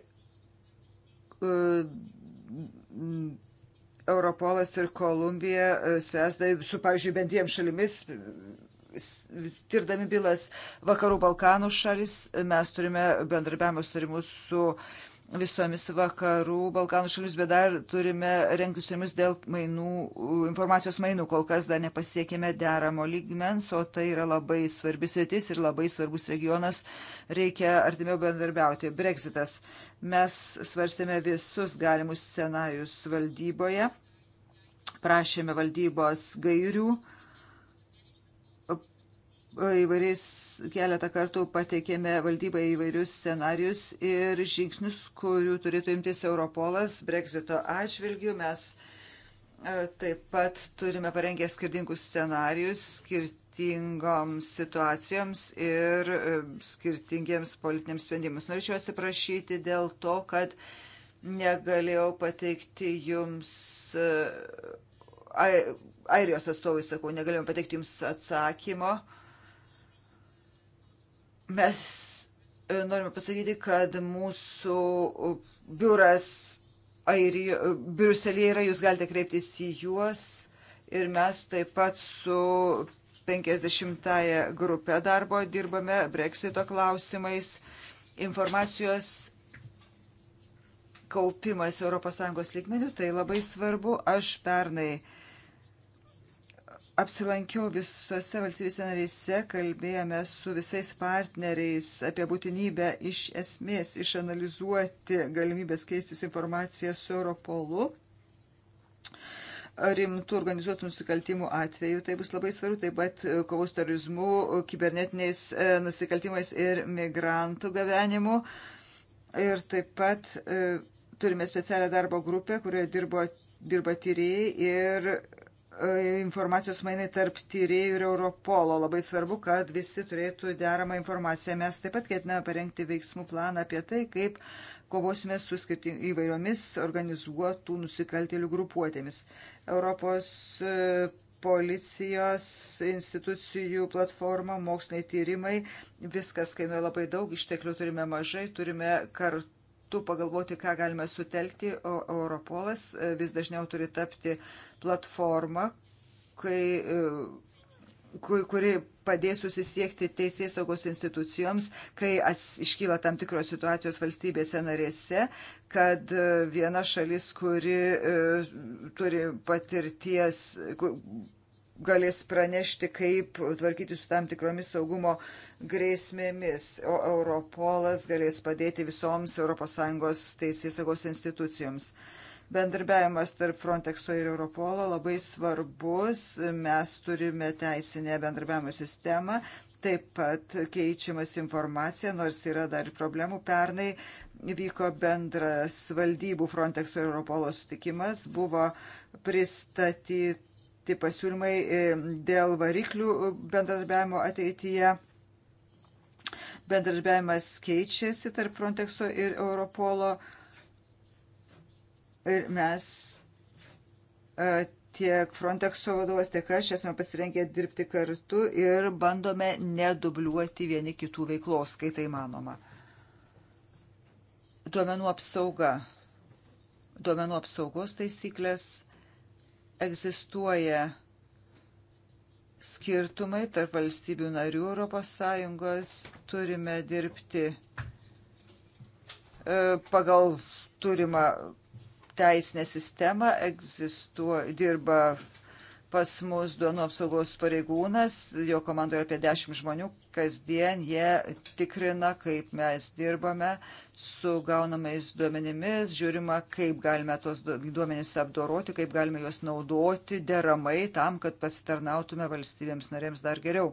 Uh, Europolas ir Kolumbija e, spręsdami su, pavyzdžiui, bendriem šalimis, e, tirdami bylas Vakarų Balkanų šalis, mes turime bendrabiavimo sutarimus su uh, visomis vakarų Balkanų šalis, bet dar turime renktis su jomis dėl mainų, informacijos mainų. Kol kas dar nepasiekime deramo lygmens, o tai yra labai svarbis rytis ir labai svarbus regionas. Reikia artimiau bendarbiauti. Brexitas. Mes svarstėme visus galimus scenarius valdyboje, prašėme valdybos gairių įvairiais keletą kartų pateikėme valdybai įvairius scenarius ir žingsnius, kurių turėtų imtis Europolas Brexito atžvilgių. Mes e, taip pat turime parengę skirtingus scenarius skirtingoms situacijoms ir e, skirtingiems politiniams sprendimams. Norėčiau atsiprašyti dėl to, kad negalėjau pateikti jums e, Airijos atstovai, sakau, negalėjom pateikti jums atsakymo. Uh, Mes e, norime pasakyti, kad mūsų biuras Airijo, e, Briuselėje yra, jūs galite kreiptis į juos ir mes taip pat su 50-ąją grupę darbo dirbame breksito klausimais, informacijos kaupimas ES lygmenių, tai labai svarbu. Aš pernai apsilankiau visose valstybėse narėse, kalbėjome su visais partneriais apie būtinybę iš esmės išanalizuoti galimybės keistis informaciją su Europolu. Rimtų organizuotų nusikaltimų atveju tai bus labai svarbu, taip pat kovos terorizmu, kibernetiniais e, nusikaltimais ir migrantų gavenimu. Ir taip pat e, turime specialią darbo grupę, kurioje dirbo, dirba tyrėjai ir E, informacijos mainai tarp tyriejų ir Europolo. Labai svarbu, kad visi turėtų deramą informaciją. Mes taip pat ketiname parengti veiksmų planą apie tai, kaip kovosime su įvairiomis organizuotų nusikaltėlių grupuotėmis. Europos e, policijos institucijų platforma, moksliniai tyrimai, viskas kainuoja labai daug, išteklių turime mažai, turime kartu kartu pagalvoti, ką galime sutelkti, o Europolas e, vis dažniau turi tapti platformą, kai, e, kur, kuri padės susisiekti teisės saugos institucijoms, kai ats, iškyla tam tikros situacijos valstybėse narėse, kad e, viena šalis, kuri e, turi patirties, kur, galės pranešti, kaip tvarkyti su tam tikromis saugumo grėsmėmis, o Europolas galės padėti visoms ES teisėsaugos institucijoms. Bendarbiavimas tarp Frontexo ir Europolo labai svarbus, mes turime teisinę bendarbiavimo sistemą, taip pat keičiamas informacija, nors yra dar problemų. Pernai vyko bendras valdybų Frontexo ir Europolo sutikimas, buvo pristatyta pateikti pasiūlymai e, dėl variklių e, bendradarbiavimo ateityje. Bendradarbiavimas keičiasi tarp Frontexo ir Europolo ir mes e, tiek Frontexo vadovas, tiek aš esame pasirengę dirbti kartu ir bandome nedubliuoti vieni kitų veiklos, kai tai manoma. Duomenų apsauga. Duomenų apsaugos taisyklės Egzistuoja skirtumai tarp valstybių narių ES, turime dirbti e, pagal turimą teisinę sistemą, egzistuo, dirba pas mus duomenų apsaugos pareigūnas, jo komandoje apie 10 žmonių, kasdien jie tikrina, kaip mes dirbame su gaunamais duomenimis, žiūrima, kaip galime tos duomenys apdoroti, kaip galime juos naudoti deramai tam, kad pasitarnautume valstybėms narėms dar geriau.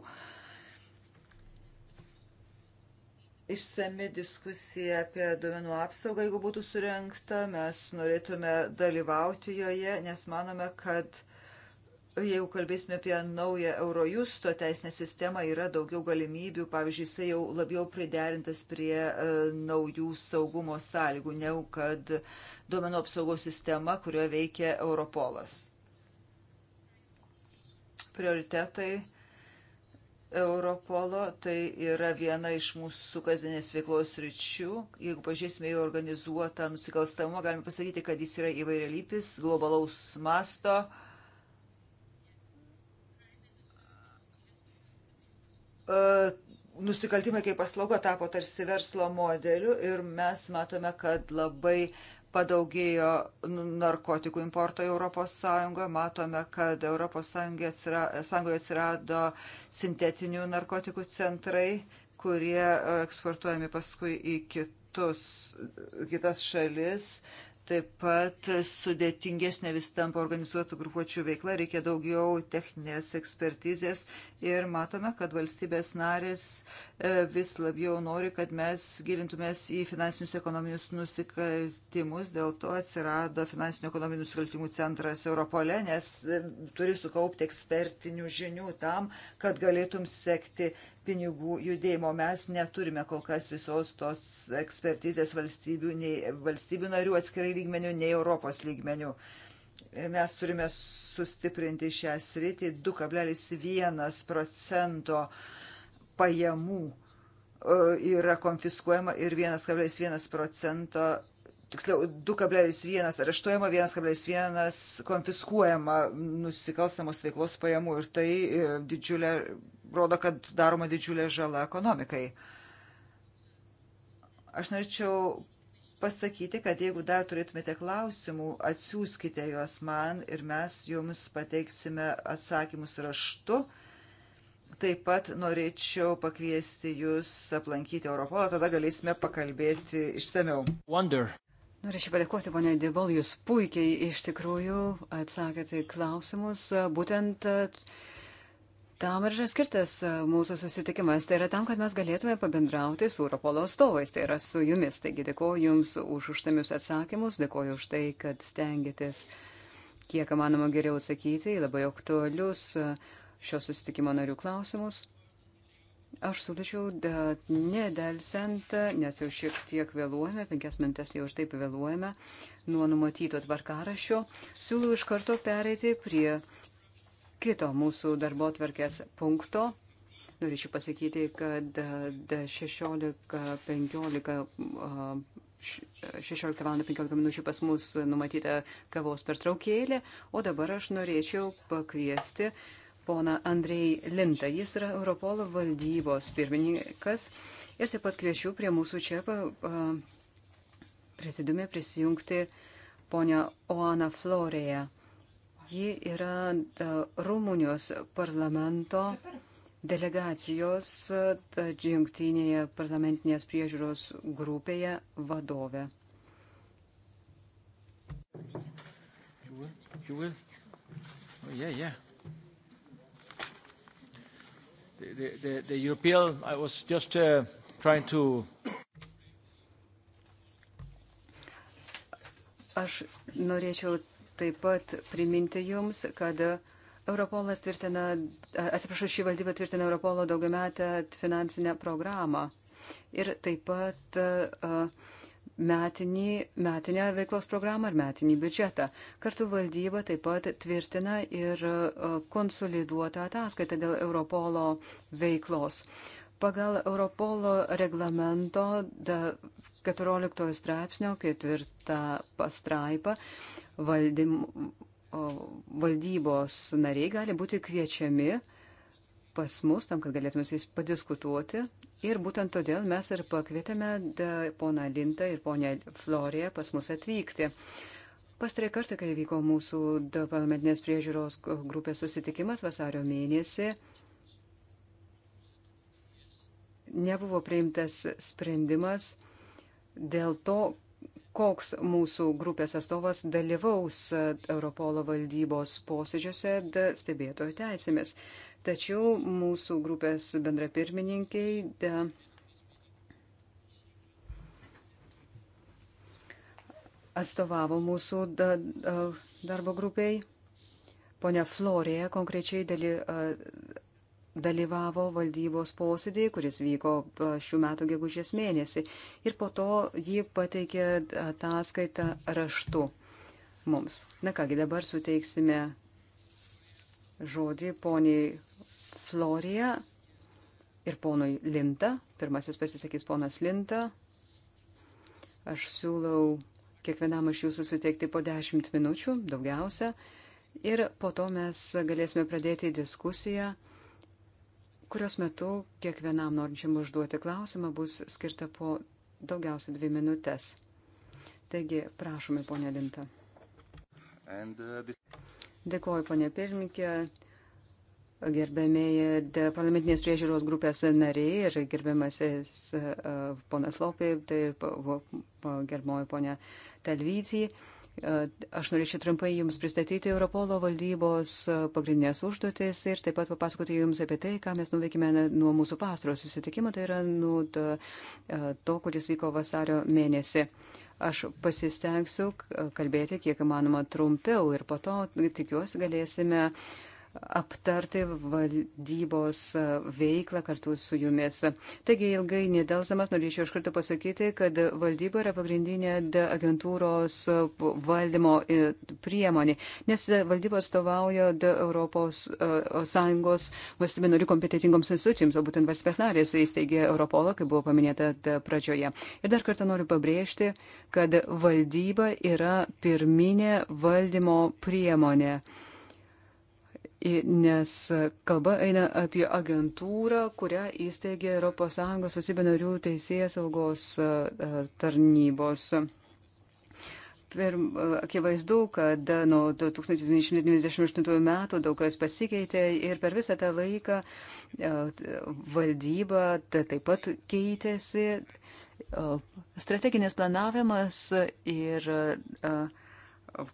išsami diskusija apie duomenų apsaugą, jeigu būtų surinkta, mes norėtume dalyvauti joje, nes manome, kad jeigu kalbėsime apie naują Eurojusto teisinę sistemą, yra daugiau galimybių, pavyzdžiui, jisai jau labiau priderintas prie e, naujų saugumo sąlygų, negu kad duomenų apsaugos sistema, kurioje veikia Europolas. Prioritetai Europolo tai yra viena iš mūsų kasdienės veiklos ryčių. Jeigu pažiūrėsime į organizuotą nusikalstamumą, galime pasakyti, kad jis yra įvairialypis, globalaus masto. Uh, E, nusikaltimai kaip paslauga tapo tarsi verslo modeliu ir mes matome, kad labai padaugėjo narkotikų importo į ES, matome, kad ES atsirado sintetinių narkotikų centrai, kurie e, eksportuojami paskui į kitus, kitas šalis. Taip pat sudėtingesnė vis tampa organizuotų grupuočių veikla, reikia daugiau techninės ekspertizės ir matome, kad valstybės narės e, vis labiau nori, kad mes gilintumės į finansinius ekonominius nusikaltimus, dėl to atsirado finansinio ekonominių nusikaltimų centras Europole, nes e, turi sukaupti ekspertinių žinių tam, kad galėtum sekti pinigų judėjimo. Mes neturime kol kas visos tos ekspertizės valstybių, nei valstybių narių atskirai lygmenių, nei Europos lygmenių. Mes turime sustiprinti šią sritį 2,1 procento pajamų e, yra konfiskuojama ir 1,1 procento, tiksliau 2,1 areštuojama, 1,1 konfiskuojama nusikalstamos veiklos pajamų ir tai e, didžiulė rodo, kad daroma didžiulė žala ekonomikai. Aš norėčiau pasakyti, kad jeigu dar turėtumėte klausimų, atsiųskite juos man ir mes jums pateiksime atsakymus raštu. Taip pat norėčiau pakviesti jūs aplankyti Europolą, tada galėsime pakalbėti išsameu. Wonder. Norėčiau padėkoti, ponė Dibol, jūs puikiai iš tikrųjų atsakėte klausimus. Būtent Tam ir yra skirtas e, mūsų susitikimas. Tai yra tam, kad mes galėtume pabendrauti su Europolo atstovais, tai yra su jumis. Taigi dėkoju Jums už užsamius atsakymus, dėkoju už tai, kad stengiatės kiek manoma geriau atsakyti į labai aktualius e, šio susitikimo narių klausimus. Aš siūlyčiau nedelsiant, nes jau šiek tiek vėluojame, penkias mintes jau ir taip vėluojame nuo numatyto tvarkarašio, siūlau iš karto pereiti prie kito mūsų darbo tvarkės punkto. Norėčiau pasakyti, kad 16.15 16 val. 15 minučių pas mus numatyta kavos pertraukėlė, o dabar aš norėčiau pakviesti poną Andrei Lintą. Jis yra Europolo valdybos pirmininkas ir taip pat kviečiu prie mūsų čia prezidiume prisijungti ponę Oaną Florėje. Ji yra e, Rumunijos parlamento delegacijos e, jungtinėje parlamentinės priežiūros grupėje vadovė. You will? You will? Oh, yeah, yeah. The, the, the, the European, I was just uh, trying to Aš norėčiau taip pat priminti Jums, kad Europolas tvirtina, atsiprašau, šį valdybą tvirtina Europolo daugiametę finansinę programą ir taip pat metinį, metinę veiklos programą ar metinį biudžetą. Kartu valdyba taip pat tvirtina ir konsoliduotą ataskaitą dėl Europolo veiklos. Pagal Europolo reglamento 14 straipsnio 4 pastraipą valdym, valdybos nariai gali būti kviečiami pas mus, tam, kad galėtume su jais padiskutuoti. Ir būtent todėl mes ir pakvietėme poną Lintą ir ponę Floriją pas mus atvykti. Pastarąjį kartą, kai vyko mūsų parlamentinės priežiūros grupės susitikimas vasario mėnesį, nebuvo priimtas sprendimas dėl to, koks mūsų grupės atstovas dalyvaus Europolo valdybos posėdžiuose stebėtojų teisėmis. Tačiau mūsų grupės bendrapirmininkiai de, atstovavo mūsų da, da, darbo grupiai. Pone Florėje konkrečiai daly, a, dalyvavo valdybos posėdėje, kuris vyko šių metų gegužės mėnesį. Ir po to ji pateikė ataskaitą raštu mums. Na kągi, dabar suteiksime žodį poniai Florija ir ponui Linta. Pirmasis pasisakys ponas Linta. Aš siūlau kiekvienam iš jūsų suteikti po 10 minučių, daugiausia. Ir po to mes galėsime pradėti diskusiją kurios metu kiekvienam norinčiam užduoti klausimą bus skirta po daugiausiai dvi minutės. Taigi, prašome, ponė Linta. Uh, Dėkuoju, ponė pirmininkė. Gerbėmėje parlamentinės priežiūros grupės nariai ir gerbiamasis uh, ponas Lopė, tai gerboji ponė Talvycijai. E, aš norėčiau trumpai Jums pristatyti Europolo valdybos e, pagrindinės užduotis ir taip pat papasakoti Jums apie tai, ką mes nuveikime nuo mūsų pastaro susitikimo, tai yra nuo e, to, kuris vyko vasario mėnesį. Aš pasistengsiu kalbėti kiek įmanoma trumpiau ir po to tikiuosi galėsime uh, aptarti valdybos e, veiklą kartu su jumis. Taigi ilgai nedelsamas norėčiau iš karto pasakyti, kad valdyba yra pagrindinė agentūros valdymo e, priemonė, nes valdyba atstovauja Europos e, Sąjungos valstybė narių kompetitingoms institucijoms, o būtent valstybės narės įsteigė Europolą, kaip buvo paminėta pradžioje. Ir dar kartą noriu pabrėžti, kad valdyba yra pirminė valdymo priemonė nes kalba eina apie agentūrą, kurią įsteigė ES valstybė narių teisėjas saugos tarnybos. Per, akivaizdu, kad nuo 1998 metų daug kas pasikeitė ir per visą tą laiką valdyba taip pat keitėsi, strateginės planavimas ir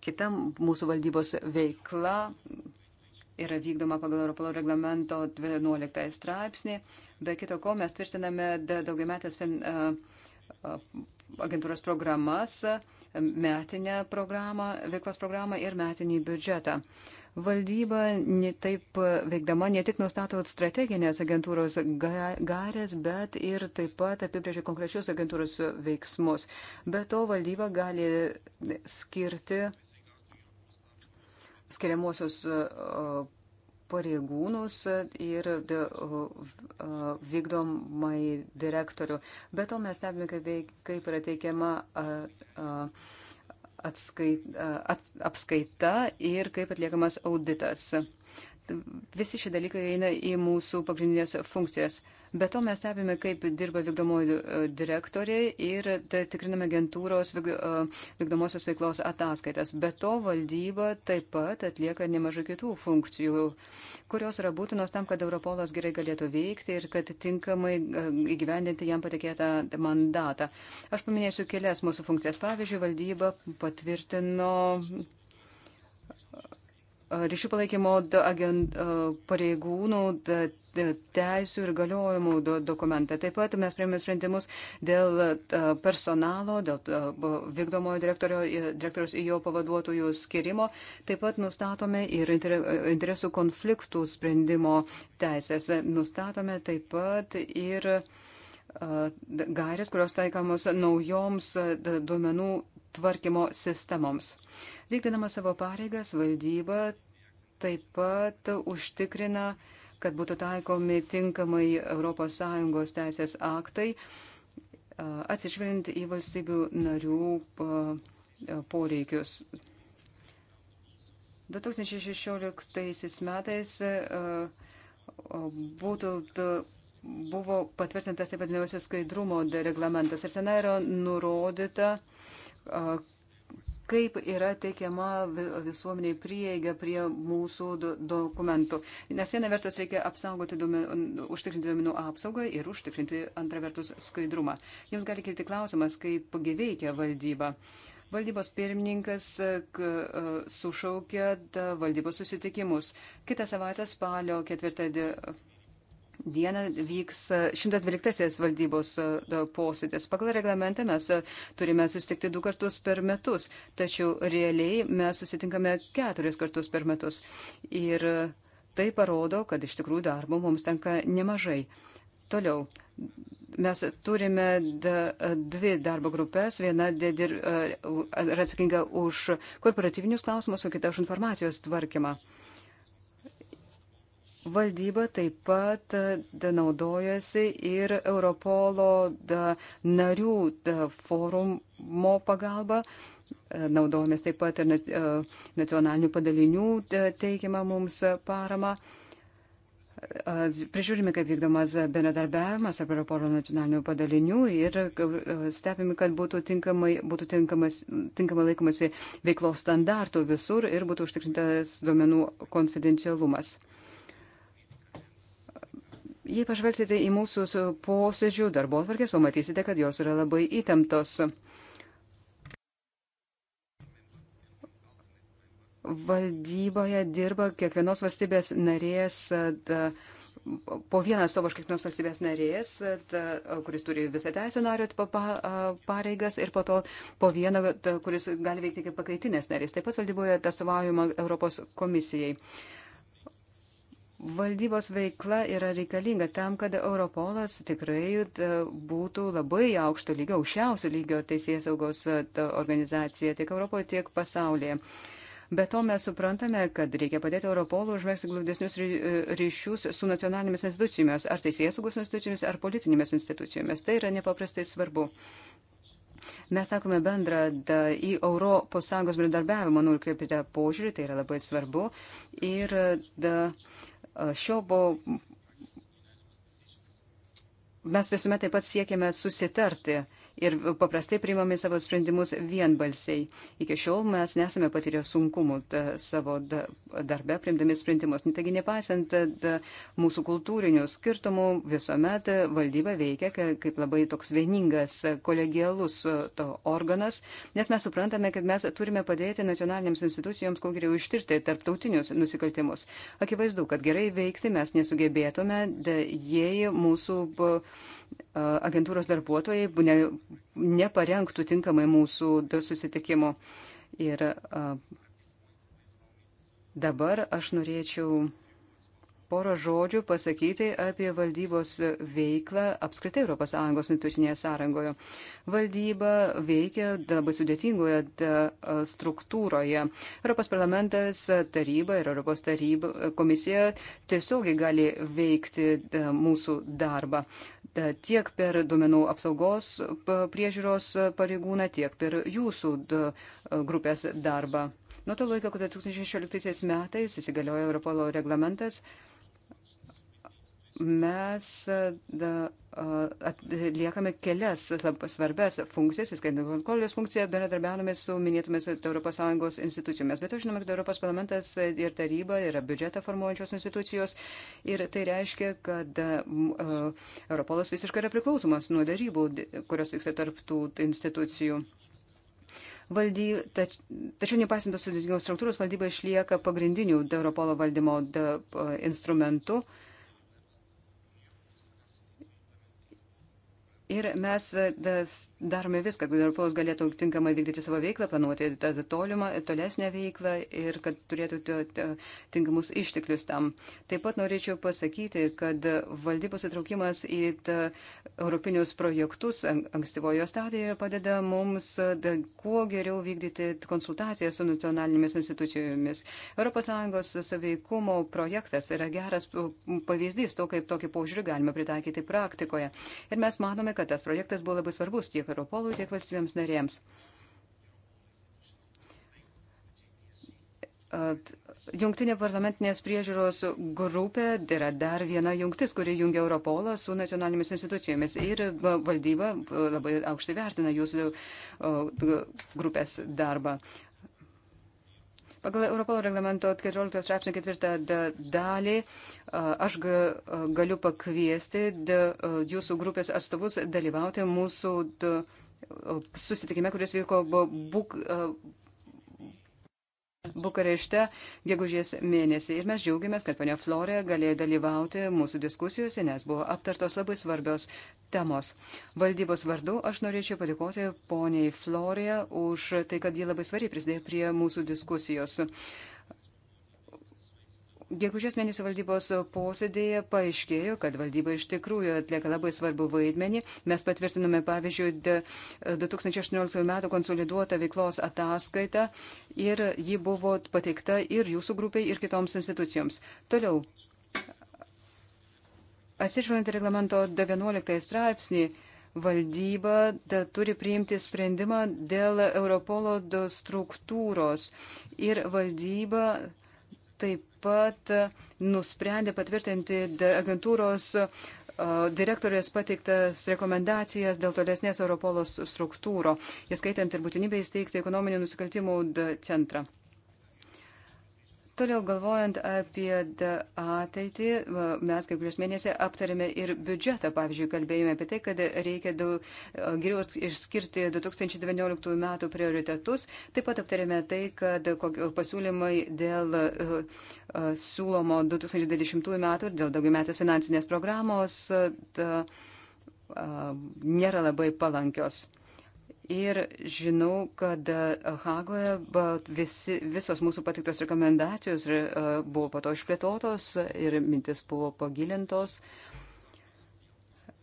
kita mūsų valdybos veikla yra vykdoma pagal Europolo reglamento 11 straipsnį. Be kito ko, mes tvirtiname daugiametės agentūros programas, metinę programą, veiklos programą ir metinį biudžetą. Valdyba taip veikdama ne tik nustato strateginės agentūros garės, bet ir taip pat apibrėžia konkrečius agentūros veiksmus. Be to valdyba gali skirti skiriamuosius e, pareigūnus e, ir e, vykdomai direktorių. Be to mes stebime, kaip, kaip yra teikiama atskait, at, apskaita ir kaip atliekamas auditas. Visi šie dalykai eina į mūsų pagrindinės funkcijas. Be to mes stebime, kaip dirba vykdomoji e, direktoriai ir tikriname agentūros e, vykdomosios veiklos ataskaitas. Be to valdyba taip pat atlieka nemažai kitų funkcijų, kurios yra būtinos tam, kad Europolas gerai galėtų veikti ir kad tinkamai e, įgyvendinti jam patikėtą mandatą. Aš paminėsiu kelias mūsų funkcijas. Pavyzdžiui, valdyba patvirtino ryšių palaikymo pareigūnų teisų ir galiojimų dokumentą. Taip pat mes priėmėme sprendimus dėl personalo, dėl vykdomojo direktoriaus į jo pavaduotojų skirimo. Taip pat nustatome ir interesų konfliktų sprendimo teisės. Nustatome taip pat ir gairės, kurios taikomos naujoms duomenų tvarkymo sistemoms. Vykdydama savo pareigas, valdyba taip pat užtikrina, kad būtų taikomi tinkamai ES teisės aktai, atsižvelgiant į valstybių narių poreikius. 2016 metais būtų, buvo patvirtintas taip vadinamasis skaidrumo reglamentas ir ten yra nurodyta, kaip yra teikiama visuomeniai prieiga prie mūsų do, dokumentų. Nes viena vertus reikia apsaugoti, duomenų, užtikrinti duomenų apsaugą ir užtikrinti antra vertus skaidrumą. Jums gali kilti klausimas, kaip gyveikia valdyba. Valdybos pirmininkas sušaukė valdybos susitikimus. Kitą savaitę spalio ketvirtą dieną dieną vyks 112 e, valdybos e, posėdis. Pagal reglamentą mes e, turime susitikti du kartus per metus, tačiau realiai mes susitinkame keturis kartus per metus. Ir tai parodo, kad iš tikrųjų darbo mums tenka nemažai. Toliau. Mes turime dvi darbo grupės. Viena yra atsakinga už korporatyvinius klausimus, o kita už informacijos tvarkymą. Valdyba taip pat e, da, naudojasi ir Europolo da, narių da, forumo pagalba, e, naudojamės taip pat ir e, nacionalinių padalinių da, teikiamą mums paramą. Prižiūrime, kaip vykdomas bendradarbiavimas ar Europolo nacionalinių padalinių ir stebime, kad būtų, tinkamai, būtų tinkamas, tinkamai laikomasi veiklos standartų visur ir būtų užtikrintas duomenų konfidencialumas. Jei pažvelgsite į mūsų posėdžių darbo atvarkės, pamatysite, kad jos yra labai įtemptos. Valdyboje dirba kiekvienos valstybės narės, da, po vieną atstovą iš kiekvienos valstybės narės, da, kuris turi visą teisę nario pareigas ir po to po vieną, da, kuris gali veikti kaip pakaitinės narės. Taip pat valdyboje atstovaujama Europos komisijai. Uh, Valdybos veikla yra reikalinga tam, kad Europolas tikrai e, būtų labai aukšto lygio, aukščiausio lygio teisės saugos e, organizacija tiek Europoje, tiek pasaulyje. Be to mes suprantame, kad reikia padėti Europolų užmėgsti glaudesnius e, ryšius su nacionalinėmis institucijomis, ar teisės saugos institucijomis, ar politinėmis institucijomis. Tai yra nepaprastai svarbu. Mes sakome bendrą da, į Europos Sąjungos bendradarbiavimą nukreiptą požiūrį, tai yra labai svarbu. Ir da, Šio buvo. Mes visuomet taip pat siekėme susitarti ir paprastai priimame savo sprendimus vienbalsiai. Iki šiol mes nesame patyrę sunkumų ta, savo da, darbe priimdami sprendimus. Nu, taigi, nepaisant da, mūsų kultūrinių skirtumų, visuomet valdyba veikia kaip labai toks vieningas, kolegialus organas, nes mes suprantame, kad mes turime padėti nacionalinėms institucijoms kuo geriau ištirti tarptautinius nusikaltimus. Akivaizdu, kad gerai veikti mes nesugebėtume, da, jei mūsų. Uh, agentūros darbuotojai ne, neparengtų tinkamai mūsų susitikimo. Ir dabar aš norėčiau porą žodžių pasakyti apie valdybos veiklą apskritai ES institucinėje sąrangoje. Valdyba veikia labai sudėtingoje struktūroje. Europos parlamentas, taryba ir Europos taryba, komisija tiesiogiai gali veikti mūsų darbą tiek per duomenų apsaugos priežiūros pareigūną, tiek per jūsų grupės darbą. Nuo to laiko, kai 2016 metais įsigaliojo Europolo reglamentas, mes da, atliekame kelias svarbes funkcijas, įskaitant kontrolės funkciją, bendradarbiavame su minėtomis ES institucijomis. Bet žinome, kad Europos parlamentas ir taryba yra biudžetą formuojančios institucijos ir tai reiškia, kad Europolas visiškai yra priklausomas nuo darybų, kurios vyksta tarptų institucijų. Valdy, tač, tačiau nepasint tos sudėtingos struktūros, valdyba išlieka pagrindiniu Europolo valdymo da, instrumentu. Uh, Ir mes e, darome viską, kad Europolas galėtų tinkamai vykdyti savo veiklą, planuoti tolimą, tolesnę veiklą ir kad turėtų tinkamus išteklius tam. Taip pat norėčiau pasakyti, kad valdybos įtraukimas į europinius projektus ankstyvojo stadijoje padeda mums e, da, kuo geriau vykdyti konsultaciją su nacionalinėmis institucijomis. ES saveikumo projektas yra geras pavyzdys to, kaip tokį požiūrį galima pritaikyti praktikoje. Ir mes manome, kad tas projektas buvo labai svarbus tiek Europolui, tiek valstybėms narėms. Jungtinė parlamentinės priežiūros grupė yra dar viena jungtis, kuri jungia Europolą su nacionalinėmis institucijomis. Ir valdyba labai aukštai vertina jūsų grupės darbą. Pagal Europolo reglamento 14 straipsnio 4 dalį aš galiu pakviesti jūsų grupės atstovus dalyvauti mūsų susitikime, kuris vyko Buk. Bukarešte gegužės mėnesį ir mes džiaugiamės, kad ponia Florė galėjo dalyvauti mūsų diskusijose, nes buvo aptartos labai svarbios temos. Valdybos vardu aš norėčiau padėkoti poniai Florija už tai, kad ji labai svariai prisidėjo prie mūsų diskusijos. Gegužės mėnesio valdybos posėdėje paaiškėjo, kad valdyba iš tikrųjų atlieka labai svarbu vaidmenį. Mes patvirtinome, pavyzdžiui, 2018 m. konsoliduotą veiklos ataskaitą ir ji buvo pateikta ir jūsų grupiai, ir kitoms institucijoms. Toliau, Atsižvelgiant reglamento 11 straipsnį, valdyba da, turi priimti sprendimą dėl Europolo struktūros ir valdyba taip pat nusprendė patvirtinti agentūros direktorės pateiktas rekomendacijas dėl tolesnės Europolos struktūro, įskaitant ir būtinybę įsteigti ekonominių nusikaltimų centrą. Toliau galvojant apie ateitį, mes kaip prieš mėnesį aptarėme ir biudžetą. Pavyzdžiui, kalbėjome apie tai, kad reikia daug, geriau išskirti 2019 metų prioritetus. Taip pat aptarėme tai, kad pasiūlymai dėl siūlomo 2020 metų ir dėl daugiametės finansinės programos ta, nėra labai palankios. Ir žinau, kad e, Hagoje visi, visos mūsų patiktos rekomendacijos e, buvo pato išplėtotos ir mintis buvo pagilintos.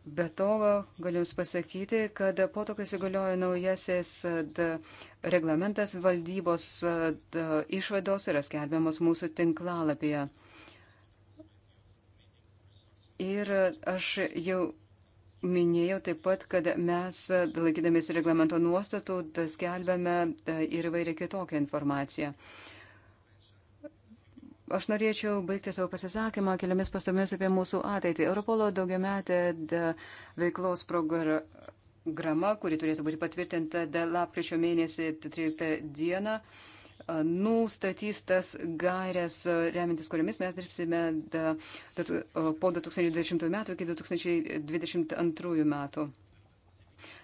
Be to, e, galiu Jums pasakyti, kad po to, kai įsigaliojo naujasis reglamentas, valdybos išvados yra skelbiamos mūsų tinklalapyje. Ir aš jau Minėjau taip pat, kad mes, laikydamėsi reglamento nuostatų, skelbiame ir įvairią kitokią informaciją. Aš norėčiau baigti savo pasisakymą keliomis pastabomis apie mūsų ateitį. Europolo daugiametė veiklos programa, kuri turėtų būti patvirtinta lapkričio mėnesį 13 dieną. Uh, nustatys tas gairias, e, remintis kuriamis mes dirbsime da, da, po 2020 metų iki 2022 metų.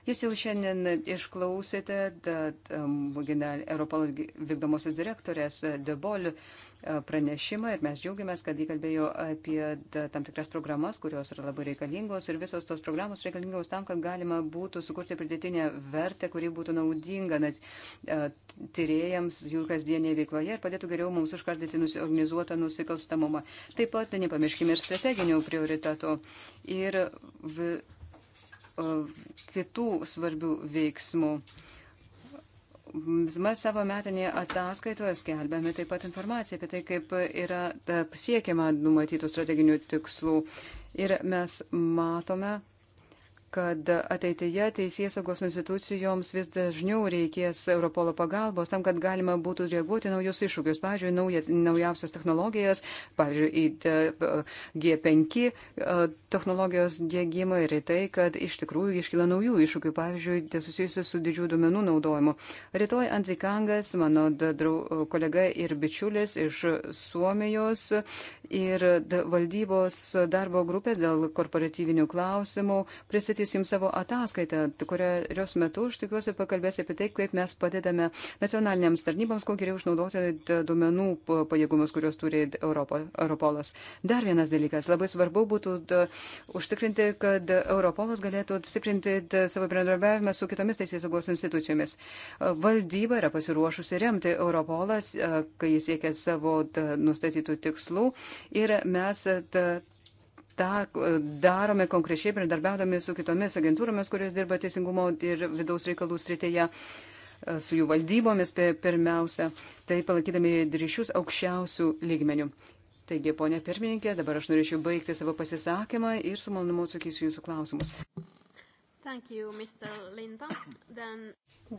Jūs jau šiandien išklausėte da, da, Europos vykdomosios direktorės e, Debol E, pranešimą ir mes džiaugiamės, kad jį kalbėjo apie tam tikras programas, kurios yra labai reikalingos ir visos tos programos reikalingos tam, kad galima būtų sukurti pridėtinę vertę, kuri būtų naudinga net, tyrėjams jų kasdienėje veikloje ir padėtų geriau mums užkardyti organizuotą nusikalstamumą. Taip pat nepamirškime ir strateginių prioritetų. Ir v, o, kitų svarbių veiksmų. Uh, Mes savo metinėje ataskaitoje skelbėme taip pat informaciją apie tai, kaip yra siekiama numatytų strateginių tikslų. Ir mes matome, kad ateityje teisėsaugos institucijoms vis dažniau reikės Europolo pagalbos tam, kad galima būtų reaguoti naujus iššūkius, pavyzdžiui, nauja, naujausias technologijas, pavyzdžiui, į G5 e, technologijos dėgymą ir į tai, kad iš tikrųjų iškyla naujų iššūkių, pavyzdžiui, susijusių su didžių duomenų naudojimu. Rytoj Anzikangas, mano drau, kolega ir bičiulis iš Suomijos ir valdybos darbo grupės dėl korporatyvinių klausimų pristatys pristatys jums savo ataskaitą, kurios metu, aš tikiuosi, pakalbės apie tai, kaip mes padedame nacionaliniams tarnybams, kuo geriau išnaudoti duomenų pajėgumus, kuriuos turi Europo, Europolas. Dar vienas dalykas, labai svarbu būtų da, užtikrinti, kad Europolas galėtų stiprinti da, savo bendradarbiavimą su kitomis teisės saugos institucijomis. Valdyba yra pasiruošusi remti Europolas, kai jis siekia savo da, nustatytų tikslų ir mes. Da, tą e, darome konkrečiai bendradarbiaudami su kitomis agentūromis, kurios dirba teisingumo ir vidaus reikalų srityje, e, su jų valdybomis pirmiausia, tai palaikydami ryšius aukščiausių lygmenių. Taigi, ponė pirmininkė, dabar aš norėčiau baigti savo pasisakymą ir su malonumu atsakysiu jūsų klausimus. You, Then...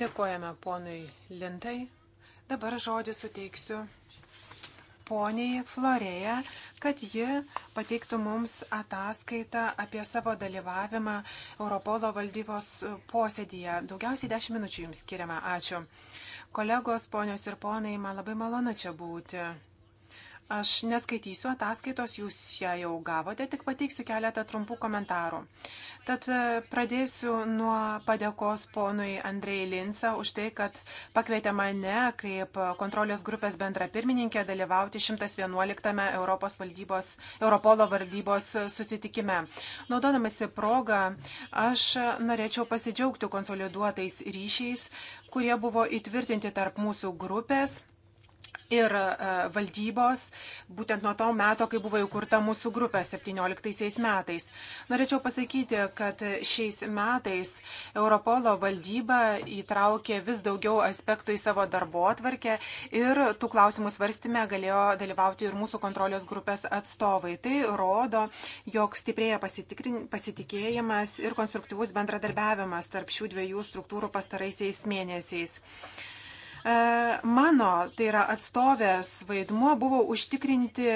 Dėkojame ponui Lintai. Dabar žodį suteiksiu poniai Florėja, kad ji pateiktų mums ataskaitą apie savo dalyvavimą Europolo valdybos posėdėje. Daugiausiai 10 minučių jums skiriama. Ačiū. Kolegos, ponios ir ponai, man labai malonu čia būti. Aš neskaitysiu ataskaitos, jūs ją jau gavote, tik pateiksiu keletą trumpų komentarų. Tad e, pradėsiu nuo padėkos ponui Andrei Linsa už tai, kad pakvietė mane kaip kontrolės grupės bendra pirmininkė dalyvauti 111 Europos valdybos, Europolo valdybos susitikime. Naudodamasi progą, aš norėčiau pasidžiaugti konsoliduotais ryšiais, kurie buvo įtvirtinti tarp mūsų grupės ir e, valdybos, būtent nuo to meto, kai buvo įkurta mūsų grupė 17 metais. Norėčiau pasakyti, kad šiais metais Europolo valdyba įtraukė vis daugiau aspektų į savo darbo atvarkę ir tų klausimų svarstymę galėjo dalyvauti ir mūsų kontrolės grupės atstovai. Tai rodo, jog stiprėja pasitikėjimas ir konstruktyvus bendradarbiavimas tarp šių dviejų struktūrų pastaraisiais mėnesiais. E, mano, tai yra atstovės vaidmuo, buvo užtikrinti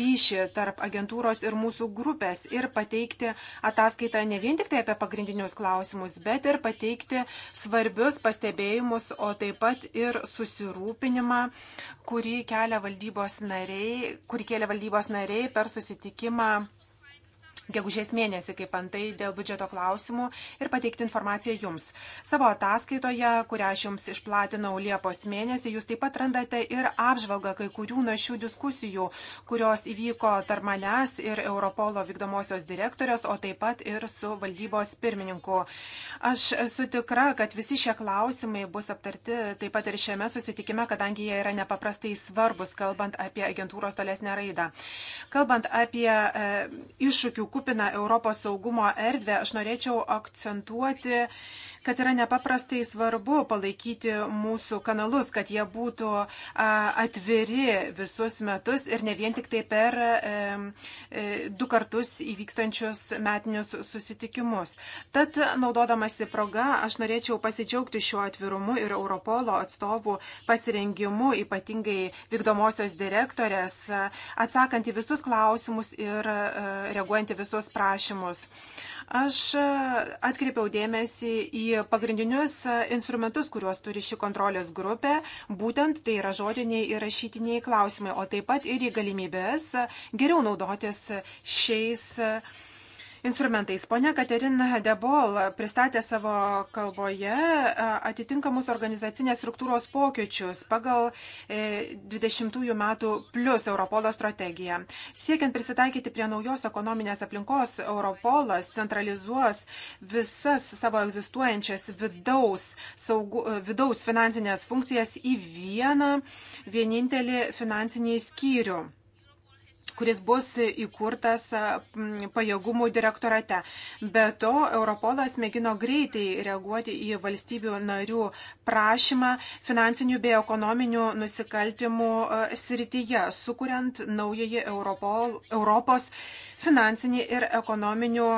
ryšį tarp agentūros ir mūsų grupės ir pateikti ataskaitą ne vien tik tai apie pagrindinius klausimus, bet ir pateikti svarbius pastebėjimus, o taip pat ir susirūpinimą, kurį kelia valdybos nariai, kurį kelia valdybos nariai per susitikimą gegužės mėnesį, kaip antai dėl biudžeto klausimų ir pateikti informaciją jums. Savo ataskaitoje, kurią aš jums išplatinau Liepos mėnesį, jūs taip pat randate ir apžvalgą kai kurių nuo šių diskusijų, kurios įvyko tarp manęs ir Europolo vykdomosios direktorės, o taip pat ir su valdybos pirmininku. Aš esu tikra, kad visi šie klausimai bus aptarti taip pat ir šiame susitikime, kadangi jie yra nepaprastai svarbus, kalbant apie agentūros tolesnę raidą. Kalbant apie e, iššūkių, kupina Europos saugumo erdvę, aš norėčiau akcentuoti, kad yra nepaprastai svarbu palaikyti mūsų kanalus, kad jie būtų atviri visus metus ir ne vien tik tai per e, du kartus įvykstančius metinius susitikimus. Tad, naudodamasi proga, aš norėčiau pasidžiaugti šiuo atvirumu ir Europolo atstovų pasirengimu, ypatingai vykdomosios direktorės, atsakant į visus klausimus ir e, reaguojant į visus visus prašymus. Aš e, atkreipiau dėmesį į pagrindinius e, instrumentus, kuriuos turi ši kontrolės grupė, būtent tai yra žodiniai ir rašytiniai klausimai, o taip pat ir į galimybės geriau naudotis šiais instrumentais instrumentais. Pone Katerina Debol pristatė savo kalboje e, atitinkamus organizacinės struktūros pokyčius pagal 20 e, metų plus Europolo strategiją. Siekiant prisitaikyti prie naujos ekonominės aplinkos, Europolas centralizuos visas savo egzistuojančias vidaus, saugu, e, vidaus finansinės funkcijas į vieną vienintelį finansinį skyrių kuris bus įkurtas pajėgumų direktorate. Be to, Europolas mėgino greitai reaguoti į valstybių narių prašymą finansinių bei ekonominių nusikaltimų srityje, sukuriant naująjį Europol, Europos finansinį ir ekonominių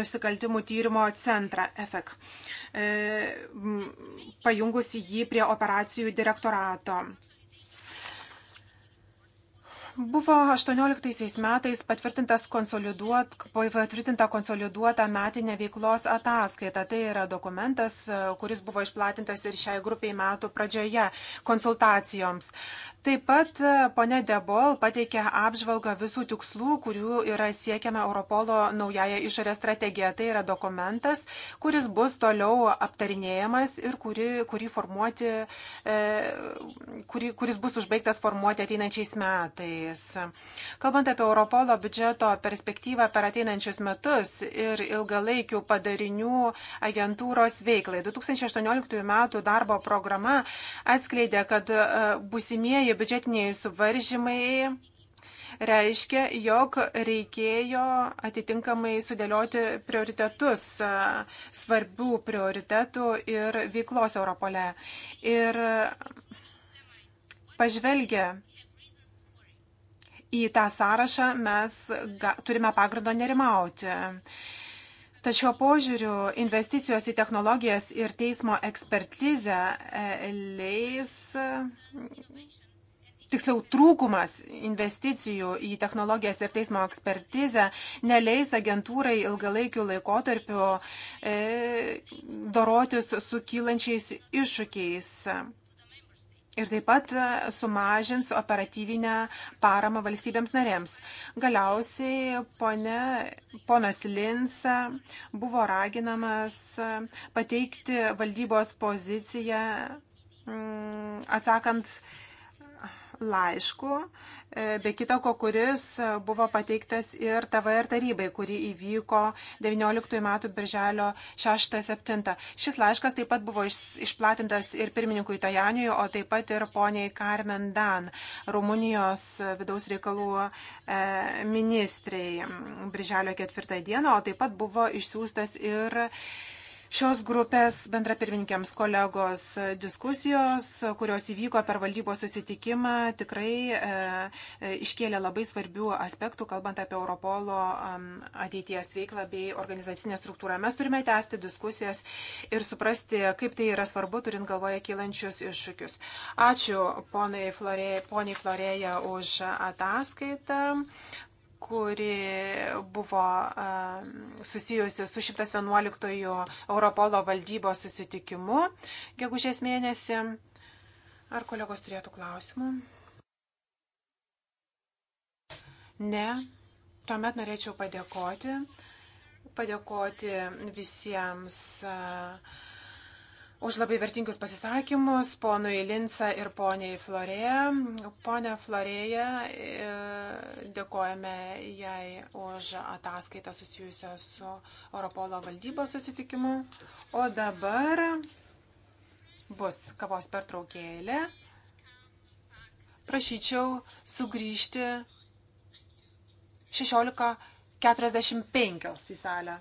nusikaltimų tyrimo centrą EFEC, e, pajungusi jį prie operacijų direktorato. Buvo 18 metais konsoliduot, patvirtinta konsoliduota metinė veiklos ataskaita. Tai yra dokumentas, kuris buvo išplatintas ir šiai grupiai metų pradžioje konsultacijoms. Taip pat e, ponė Debol pateikė apžvalgą visų tikslų, kurių yra siekiama Europolo naujaja išorės strategija. Tai yra dokumentas, kuris bus toliau aptarinėjamas ir kuri, kuri formuoti, e, kuri, kuris bus užbaigtas formuoti ateinančiais metais metais. Kalbant apie Europolo biudžeto perspektyvą per ateinančius metus ir ilgalaikių padarinių agentūros veiklai, 2018 metų darbo programa atskleidė, kad e, busimieji biudžetiniai suvaržymai reiškia, jog reikėjo atitinkamai sudėlioti prioritetus, e, svarbių prioritetų ir veiklos Europole. Ir pažvelgia į tą sąrašą mes turime pagrindo nerimauti. Tačiau požiūriu investicijos į technologijas ir teismo ekspertizę e, leis, tiksliau trūkumas investicijų į technologijas ir teismo ekspertizę neleis agentūrai ilgalaikių laikotarpių e, dorotis su kylančiais iššūkiais. Ir taip pat e, sumažins operatyvinę paramą valstybėms narėms. Galiausiai pone, ponas Lins buvo raginamas e, pateikti valdybos poziciją mm, atsakant laišku, e, be kitako, kuris e, buvo pateiktas ir TVR tarybai, kuri įvyko 19 metų birželio 6-7. Šis laiškas taip pat buvo išplatintas ir pirmininkui Tajanijui, o taip pat ir poniai Carmen Dan, Rumunijos vidaus reikalų e, ministrei birželio 4 dieną, o taip pat buvo išsiųstas ir šios grupės bendrapirmininkėms kolegos diskusijos, kurios įvyko per valdybos susitikimą, tikrai e, e iškėlė labai svarbių aspektų, kalbant apie Europolo ateities veiklą bei organizacinę struktūrą. Mes turime tęsti diskusijas ir suprasti, kaip tai yra svarbu, turint galvoje kylančius iššūkius. Ačiū poniai Florėja už ataskaitą kuri buvo susijusi su 111 Europolo valdybos susitikimu gegužės mėnesį. Ar kolegos turėtų klausimų? Ne. Tuomet norėčiau padėkoti. Padėkoti visiems uh, už labai vertingus pasisakymus ponui Linsa ir poniai Florėje. Pone Florėje, e, dėkojame jai už ataskaitą susijusią su Europolo valdybos susitikimu. O dabar bus kavos pertraukėlė. Prašyčiau sugrįžti 16.45 į salę.